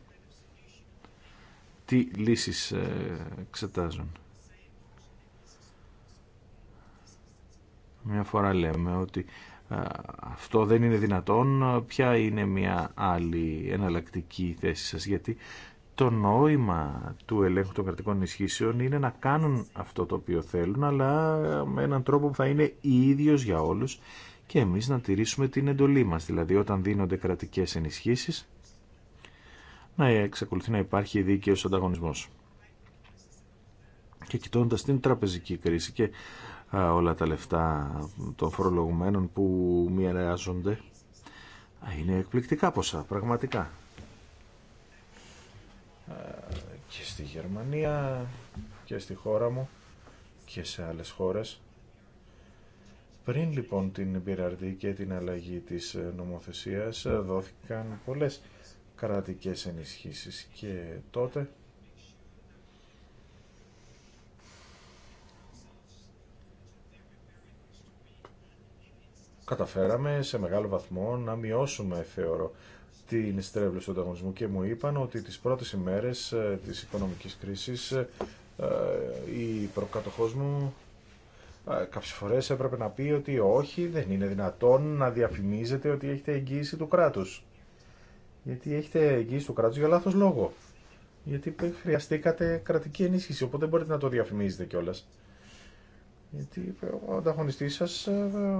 S1: Τι λύσεις ε, εξετάζουν. Μια φορά λέμε ότι ε, αυτό δεν είναι δυνατόν, ποια είναι μια άλλη εναλλακτική θέση σας, γιατί το νόημα του ελέγχου των κρατικών ενισχύσεων είναι να κάνουν αυτό το οποίο θέλουν, αλλά με έναν τρόπο που θα είναι ίδιος για όλους και εμείς να τηρήσουμε την εντολή μας. Δηλαδή όταν δίνονται κρατικές ενισχύσεις, να εξακολουθεί να υπάρχει δίκαιος ανταγωνισμός. Και κοιτώντας την τραπεζική κρίση και όλα τα λεφτά των φορολογουμένων που μοιράζονται, είναι εκπληκτικά ποσά, πραγματικά. Ε, και στη Γερμανία και στη χώρα μου και σε άλλες χώρες. Πριν λοιπόν την πειραρδή και την αλλαγή της ε, νομοθεσίας ε, δόθηκαν πολλές κρατικές ενισχύσεις και τότε καταφέραμε σε μεγάλο βαθμό να μειώσουμε θεωρώ την στρέβλωση του ανταγωνισμού και μου είπαν ότι τις πρώτες ημέρες ε, της οικονομικής κρίσης ε, ε, η προκατοχός μου κάποιες φορές έπρεπε να πει ότι όχι, δεν είναι δυνατόν να διαφημίζετε ότι έχετε εγγύηση του κράτους. Γιατί έχετε εγγύηση του κράτους για λάθος λόγο. Γιατί χρειαστήκατε κρατική ενίσχυση, οπότε μπορείτε να το διαφημίζετε κιόλα. Γιατί ο ανταγωνιστής σας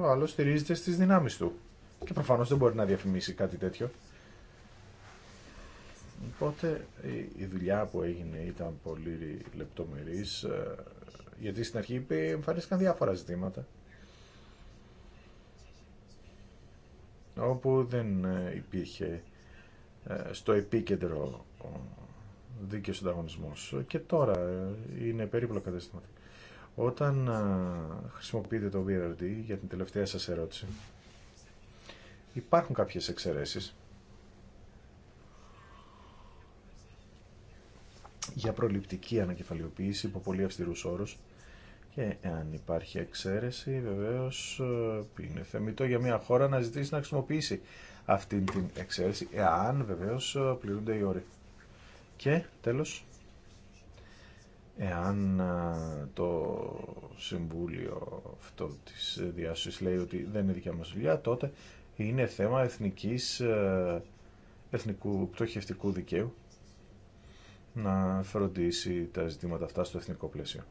S1: άλλο στηρίζεται στις δυνάμεις του. Και προφανώς δεν μπορεί να διαφημίσει κάτι τέτοιο. Οπότε η δουλειά που έγινε ήταν πολύ λεπτομερής, ε, γιατί στην αρχή εμφανίστηκαν διάφορα ζητήματα. όπου δεν ε, υπήρχε ε, στο επίκεντρο ο δίκαιος ανταγωνισμός και τώρα είναι περίπλοκα τα Όταν χρησιμοποιείτε το VRD για την τελευταία σας ερώτηση, υπάρχουν κάποιες εξαιρέσεις για προληπτική ανακεφαλαιοποίηση υπό πολύ αυστηρούς όρους και αν υπάρχει εξαίρεση βεβαίως ε, είναι θεμητό για μια χώρα να ζητήσει να χρησιμοποιήσει αυτή την εξαίρεση εάν βεβαίως ε, πληρούνται οι όροι. Και τέλος εάν ε, το Συμβούλιο αυτό της διάσωσης λέει ότι δεν είναι δικιά μας δουλειά τότε είναι θέμα εθνικής, εθνικού πτωχευτικού δικαίου να φροντίσει τα ζητήματα αυτά στο εθνικό πλαίσιο.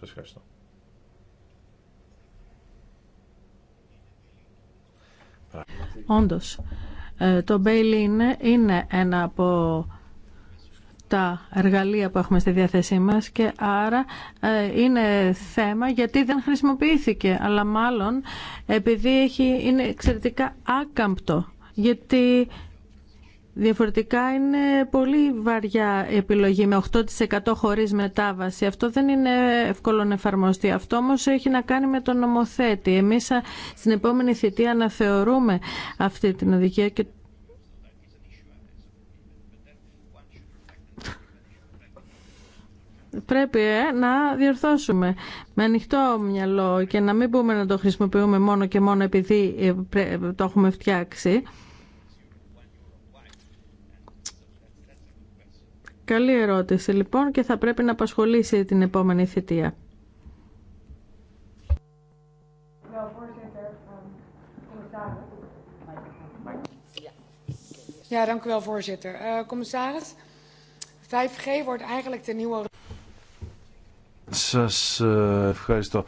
S1: Σας ευχαριστώ.
S2: Όντως, ε, το bail είναι ένα από τα εργαλεία που έχουμε στη διάθεσή μας και άρα ε, είναι θέμα γιατί δεν χρησιμοποιήθηκε, αλλά μάλλον επειδή έχει, είναι εξαιρετικά άκαμπτο, γιατί Διαφορετικά είναι πολύ βαριά επιλογή με 8% χωρίς μετάβαση. Αυτό δεν είναι εύκολο να εφαρμοστεί. Αυτό όμω έχει να κάνει με τον νομοθέτη. Εμείς στην επόμενη θητεία αναθεωρούμε αυτή την οδηγία και πρέπει ε, να διορθώσουμε με ανοιχτό μυαλό και να μην πούμε να το χρησιμοποιούμε μόνο και μόνο επειδή ε, το έχουμε φτιάξει. καλή ερώτηση λοιπόν και θα πρέπει να απασχολήσει την επόμενη θητεία. Ja, eh,
S1: Σας eh, ευχαριστώ.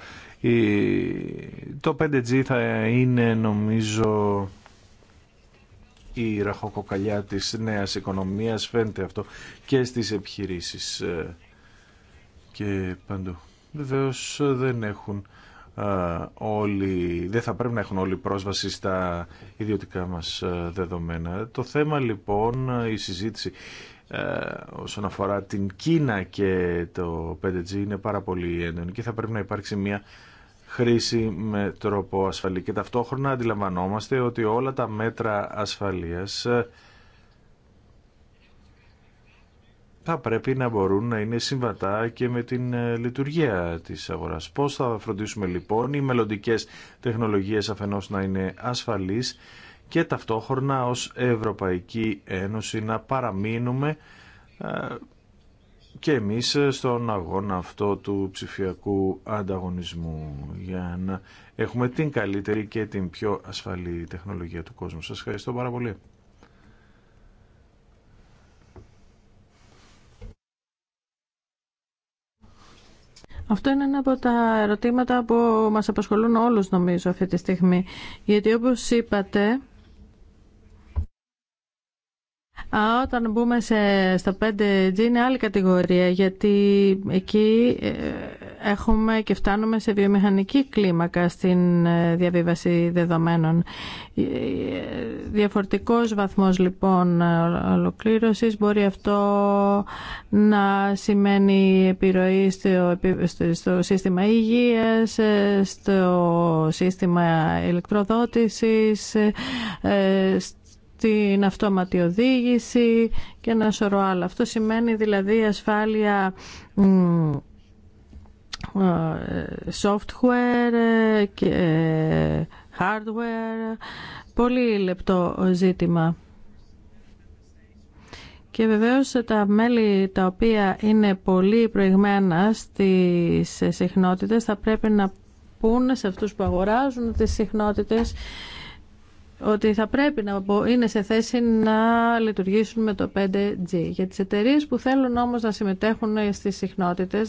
S1: Το 5G θα είναι νομίζω η ραχοκοκαλιά της νέας οικονομίας φαίνεται αυτό και στις επιχειρήσεις ε, και παντού. Βεβαίω, δεν έχουν όλοι, δεν θα πρέπει να έχουν όλοι πρόσβαση στα ιδιωτικά μας ε, δεδομένα. Το θέμα λοιπόν, η συζήτηση ε, όσον αφορά την Κίνα και το 5G είναι πάρα πολύ έντονη και θα πρέπει να υπάρξει μια χρήση με τρόπο ασφαλή. Και ταυτόχρονα αντιλαμβανόμαστε ότι όλα τα μέτρα ασφαλείας ε, θα πρέπει να μπορούν να είναι συμβατά και με την ε, λειτουργία της αγοράς. Πώς θα φροντίσουμε λοιπόν οι μελλοντικές τεχνολογίες αφενός να είναι ασφαλείς και ταυτόχρονα ως Ευρωπαϊκή Ένωση να παραμείνουμε ε, και εμείς στον αγώνα αυτό του ψηφιακού ανταγωνισμού για να έχουμε την καλύτερη και την πιο ασφαλή τεχνολογία του κόσμου. Σας ευχαριστώ πάρα πολύ.
S2: Αυτό είναι ένα από τα ερωτήματα που μας απασχολούν όλους νομίζω αυτή τη στιγμή. Γιατί όπως είπατε, όταν μπούμε σε, στα 5G είναι άλλη κατηγορία γιατί εκεί ε, έχουμε και φτάνουμε σε βιομηχανική κλίμακα στην ε, διαβίβαση δεδομένων. Ε, διαφορετικός βαθμός λοιπόν ολοκλήρωσης μπορεί αυτό να σημαίνει επιρροή στο, στο σύστημα υγείας, στο σύστημα ηλεκτροδότησης, την αυτόματη οδήγηση και ένα σωρό άλλα. Αυτό σημαίνει δηλαδή ασφάλεια ε, software και ε, hardware. Πολύ λεπτό ζήτημα. Και βεβαίως τα μέλη τα οποία είναι πολύ προηγμένα στις συχνότητες θα πρέπει να πούν σε αυτούς που αγοράζουν τις συχνότητες ότι θα πρέπει να είναι σε θέση να λειτουργήσουν με το 5G. Για τις εταιρείε που θέλουν όμως να συμμετέχουν στις συχνότητες,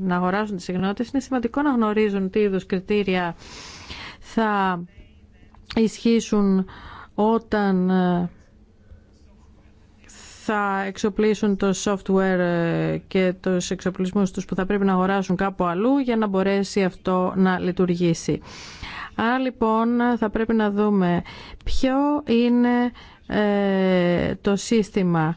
S2: να, αγοράσουν τις συχνότητες, είναι σημαντικό να γνωρίζουν τι είδους κριτήρια θα ισχύσουν όταν ε, θα εξοπλίσουν το software ε, και τους εξοπλισμούς τους που θα πρέπει να αγοράσουν κάπου αλλού για να μπορέσει αυτό να λειτουργήσει. Άρα λοιπόν θα πρέπει να δούμε ποιο είναι ε, το σύστημα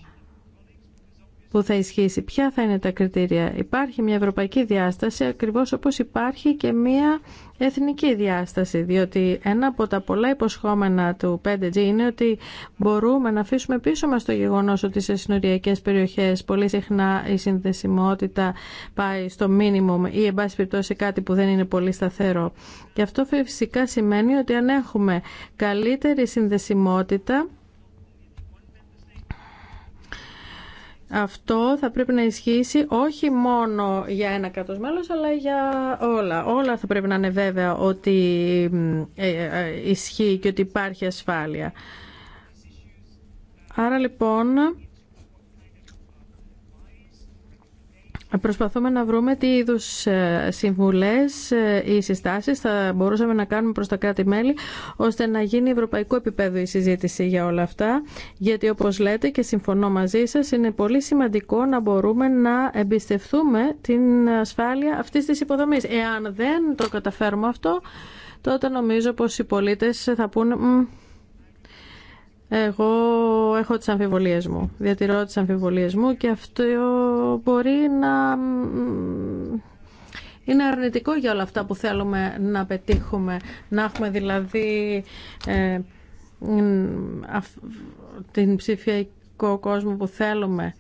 S2: που θα ισχύσει, ποια θα είναι τα κριτήρια. Υπάρχει μια ευρωπαϊκή διάσταση ακριβώς όπως υπάρχει και μια εθνική διάσταση, διότι ένα από τα πολλά υποσχόμενα του 5G είναι ότι μπορούμε να αφήσουμε πίσω μας το γεγονός ότι σε συνοριακές περιοχές πολύ συχνά η συνδεσιμότητα πάει στο μίνιμουμ ή εν πάση περιπτώσει κάτι που δεν είναι πολύ σταθερό. Και αυτό φυσικά σημαίνει ότι αν έχουμε καλύτερη συνδεσιμότητα Αυτό θα πρέπει να ισχύσει όχι μόνο για ένα κράτος αλλά για όλα. Όλα θα πρέπει να είναι βέβαια ότι ε, ε, ισχύει και ότι υπάρχει ασφάλεια. Άρα λοιπόν Προσπαθούμε να βρούμε τι είδου ε, συμβουλέ ε, ή συστάσει θα μπορούσαμε να κάνουμε προ τα κράτη-μέλη, ώστε να γίνει ευρωπαϊκό επίπεδο η συζήτηση για όλα αυτά. Γιατί, όπω λέτε και συμφωνώ μαζί σα, είναι πολύ σημαντικό να μπορούμε να εμπιστευτούμε την ασφάλεια αυτή τη υποδομή. Εάν δεν το καταφέρουμε αυτό, τότε νομίζω πω οι πολίτε θα πούνε εγώ έχω τις αμφιβολίες μου, διατηρώ τις αμφιβολίες μου και αυτό μπορεί να είναι αρνητικό για όλα αυτά που θέλουμε να πετύχουμε. Να έχουμε δηλαδή ε, την ψηφιακό κόσμο που θέλουμε.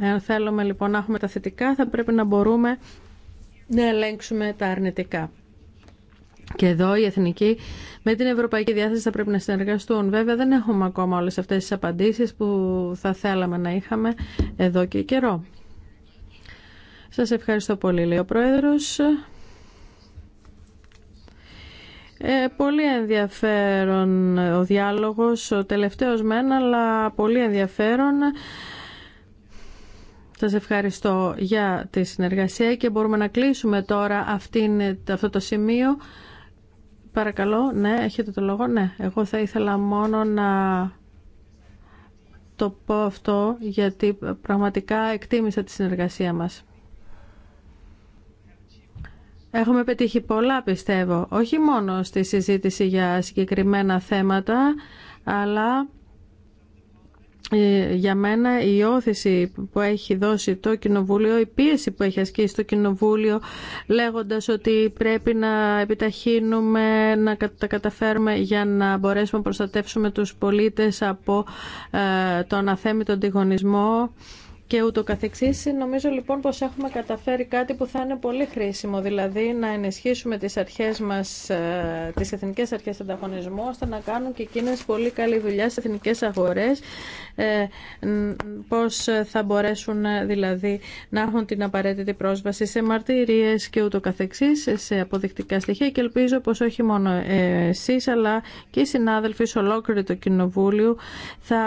S2: Εάν θέλουμε λοιπόν να έχουμε τα θετικά θα πρέπει να μπορούμε να ελέγξουμε τα αρνητικά. Και εδώ η εθνική με την ευρωπαϊκή διάθεση θα πρέπει να συνεργαστούν. Βέβαια δεν έχουμε ακόμα όλες αυτές τις απαντήσεις που θα θέλαμε να είχαμε εδώ και καιρό. Σας ευχαριστώ πολύ, λέει ο Πρόεδρος. Ε, πολύ ενδιαφέρον ο διάλογος, ο τελευταίος μεν, αλλά πολύ ενδιαφέρον. Σας ευχαριστώ για τη συνεργασία και μπορούμε να κλείσουμε τώρα αυτό το σημείο παρακαλώ, ναι, έχετε το λόγο, ναι. Εγώ θα ήθελα μόνο να το πω αυτό, γιατί πραγματικά εκτίμησα τη συνεργασία μας. Έχουμε πετύχει πολλά, πιστεύω, όχι μόνο στη συζήτηση για συγκεκριμένα θέματα, αλλά ε, για μένα η όθηση που έχει δώσει το Κοινοβούλιο, η πίεση που έχει ασκήσει το Κοινοβούλιο λέγοντας ότι πρέπει να επιταχύνουμε, να τα καταφέρουμε για να μπορέσουμε να προστατεύσουμε τους πολίτες από ε, τον αθέμητο αντιγωνισμό και ούτω καθεξής. Νομίζω λοιπόν πως έχουμε καταφέρει κάτι που θα είναι πολύ χρήσιμο, δηλαδή να ενισχύσουμε τις αρχές μας, ε, τις εθνικές αρχές ανταγωνισμού, ώστε να κάνουν και εκείνες πολύ καλή δουλειά στις εθνικές αγορές, ε, πως θα μπορέσουν ε, δηλαδή να έχουν την απαραίτητη πρόσβαση σε μαρτυρίες και ούτω καθεξής, σε αποδεικτικά στοιχεία και ελπίζω πως όχι μόνο εσείς αλλά και οι συνάδελφοι σε ολόκληρο το Κοινοβούλιο θα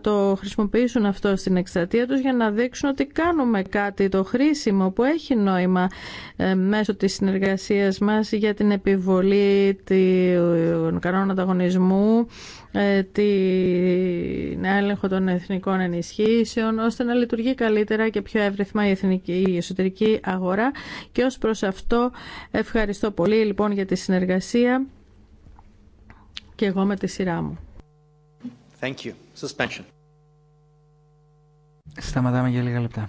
S2: το χρησιμοποιήσουν αυτό στην εκστρατεία τους για να να δείξουν ότι κάνουμε κάτι το χρήσιμο που έχει νόημα ε, μέσω της συνεργασίας μας για την επιβολή των κανόνων ανταγωνισμού ε, την έλεγχο των εθνικών ενισχύσεων ώστε να λειτουργεί καλύτερα και πιο εύρυθμα η, εθνική, εσωτερική αγορά και ως προς αυτό ευχαριστώ πολύ λοιπόν για τη συνεργασία και εγώ με τη σειρά μου. Thank Suspension.
S3: Σταματάμε για λίγα λεπτά.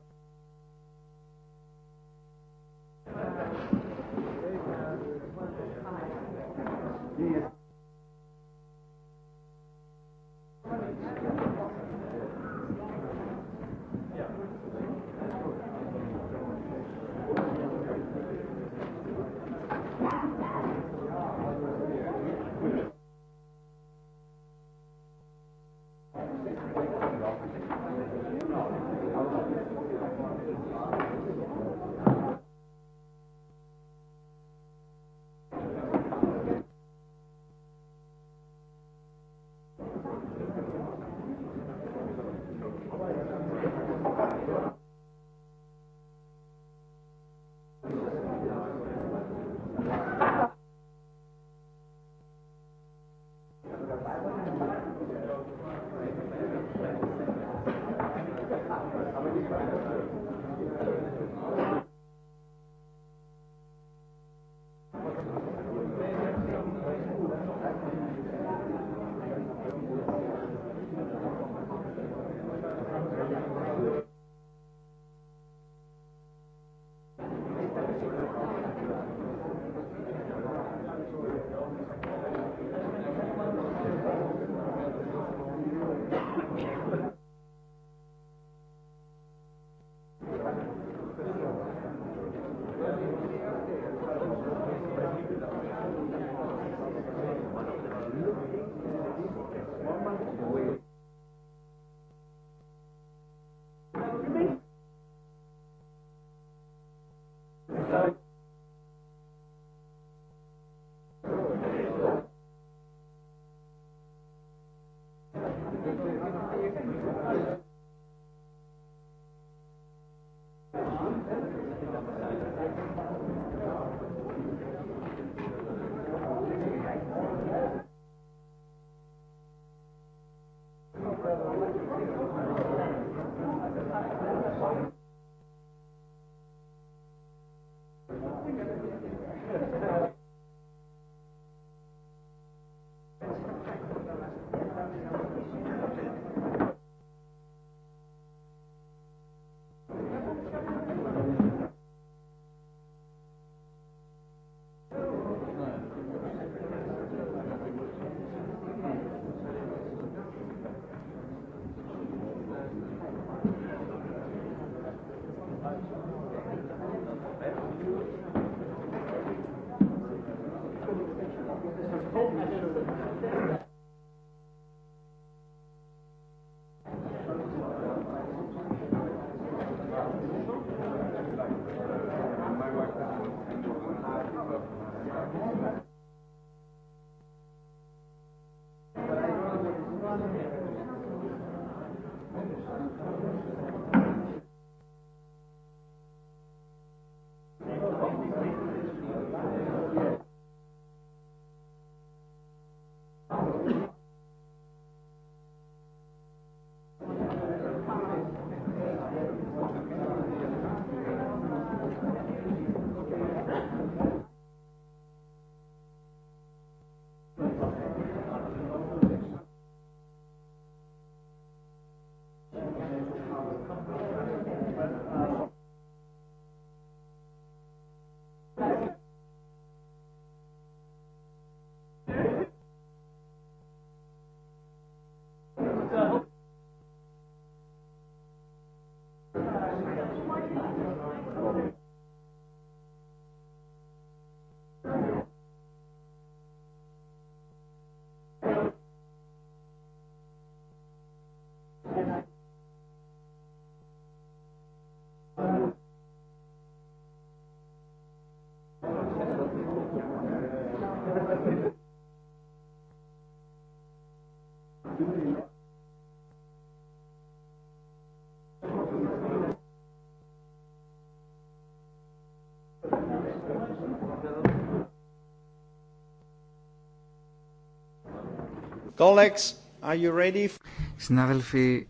S3: Συνάδελφοι,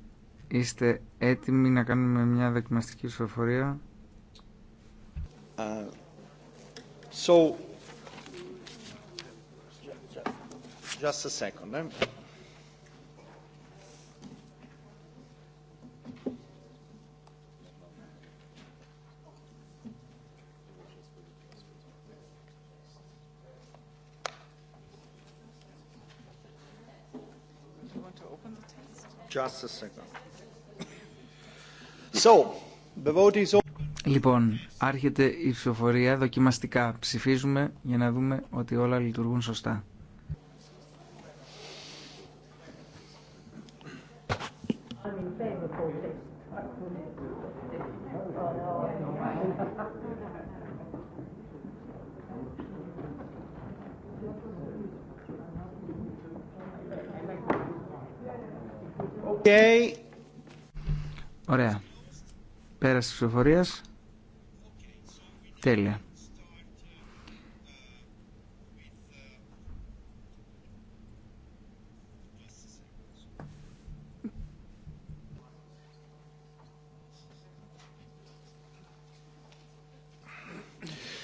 S3: είστε έτοιμοι να κάνουμε μια δοκιμαστική ψηφοφορία.
S1: Uh, so, just a second. Eh?
S3: Λοιπόν, άρχεται η ψηφοφορία δοκιμαστικά. Ψηφίζουμε για να δούμε ότι όλα λειτουργούν σωστά. της ψηφοφορίας. Τέλεια.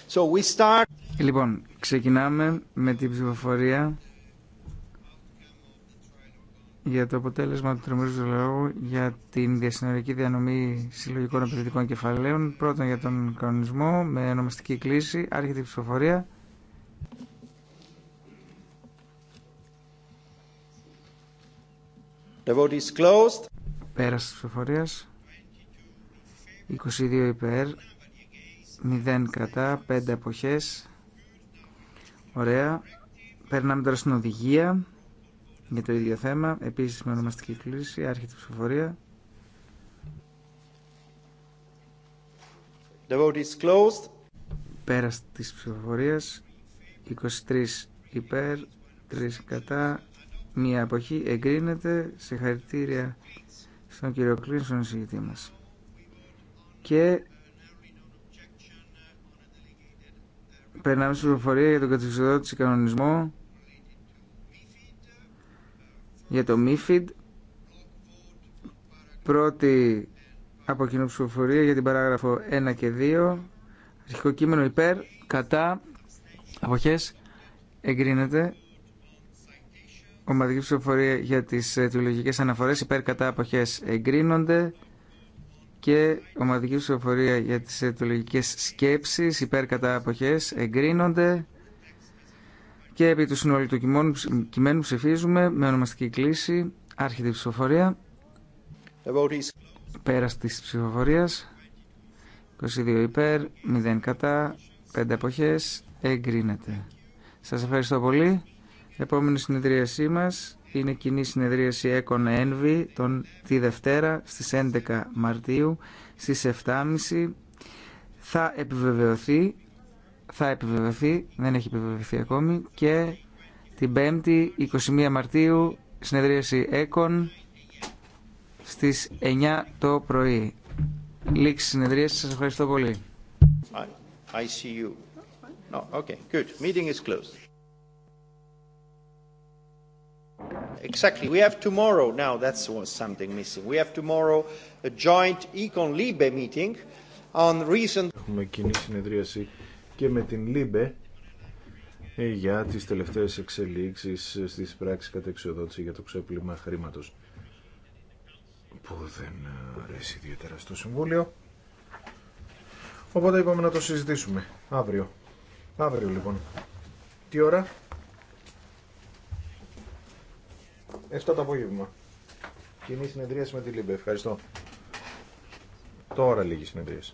S3: So we start... Λοιπόν, ξεκινάμε με την ψηφοφορία για το αποτέλεσμα του τριμμένου λόγου για την διασυνορική διανομή συλλογικών επενδυτικών κεφαλαίων. Πρώτον για τον κανονισμό με ονομαστική κλίση, άρχεται η ψηφοφορία.
S1: The vote is closed.
S3: Πέρασε 22 υπέρ, 0 κρατά 5 εποχέ. Ωραία. Περνάμε τώρα στην οδηγία για το ίδιο θέμα, επίσης με ονομαστική κλίση, άρχεται ψηφοφορία.
S1: The vote is closed.
S3: της ψηφοφορίας, 23 υπέρ, 3 κατά, μία αποχή εγκρίνεται. Σε Συγχαρητήρια στον κύριο Κλίνσον, συγητή μας. Και περνάμε στην ψηφοφορία για τον της οικονομισμού για το MIFID. Πρώτη από κοινού ψηφοφορία για την παράγραφο 1 και 2. Αρχικό κείμενο υπέρ, κατά, αποχές, εγκρίνεται. Ομαδική ψηφοφορία για τις αιτιολογικές ε, αναφορές υπέρ, κατά, αποχές, εγκρίνονται. Και ομαδική ψηφοφορία για τις ε, τηλεολογικές σκέψεις υπέρ, κατά, αποχές, εγκρίνονται. Και επί του συνολικού του κειμένου ψηφίζουμε με ονομαστική κλίση άρχεται ψηφοφορία. Πέρα τη ψηφοφορία 22 υπέρ, 0 κατά, 5 εποχέ, εγκρίνεται. Σας ευχαριστώ πολύ. Επόμενη συνεδρίασή μας είναι κοινή συνεδρίαση Έκον Ένβη τον, τη Δευτέρα στις 11 Μαρτίου στις 7.30. Θα επιβεβαιωθεί θα επιβεβαιωθεί, δεν έχει επιβεβαιωθεί ακόμη και την 5η 21 Μαρτίου συνεδρίαση ΕΚΟΝ στις 9 το πρωί. Λήξη συνεδρίαση, σας ευχαριστώ πολύ.
S2: I, see you. No, okay, good. Meeting is closed. Exactly. We have tomorrow now. That's something missing. We have tomorrow a joint
S1: Econ Libe meeting on recent. Έχουμε κοινή συνεδρίαση και με την ΛΥΜΠΕ ε, για τις τελευταίες εξελίξεις στις πράξεις κατεξοδότηση για το ξέπλυμα χρήματος που δεν ε, αρέσει ιδιαίτερα στο Συμβούλιο. Οπότε είπαμε να το συζητήσουμε αύριο. Αύριο λοιπόν. Τι ώρα? 7 το απόγευμα. Κοινή συνεδρίαση με την ΛΥΜΠΕ. Ευχαριστώ.
S3: Τώρα λίγη συνεδρίαση.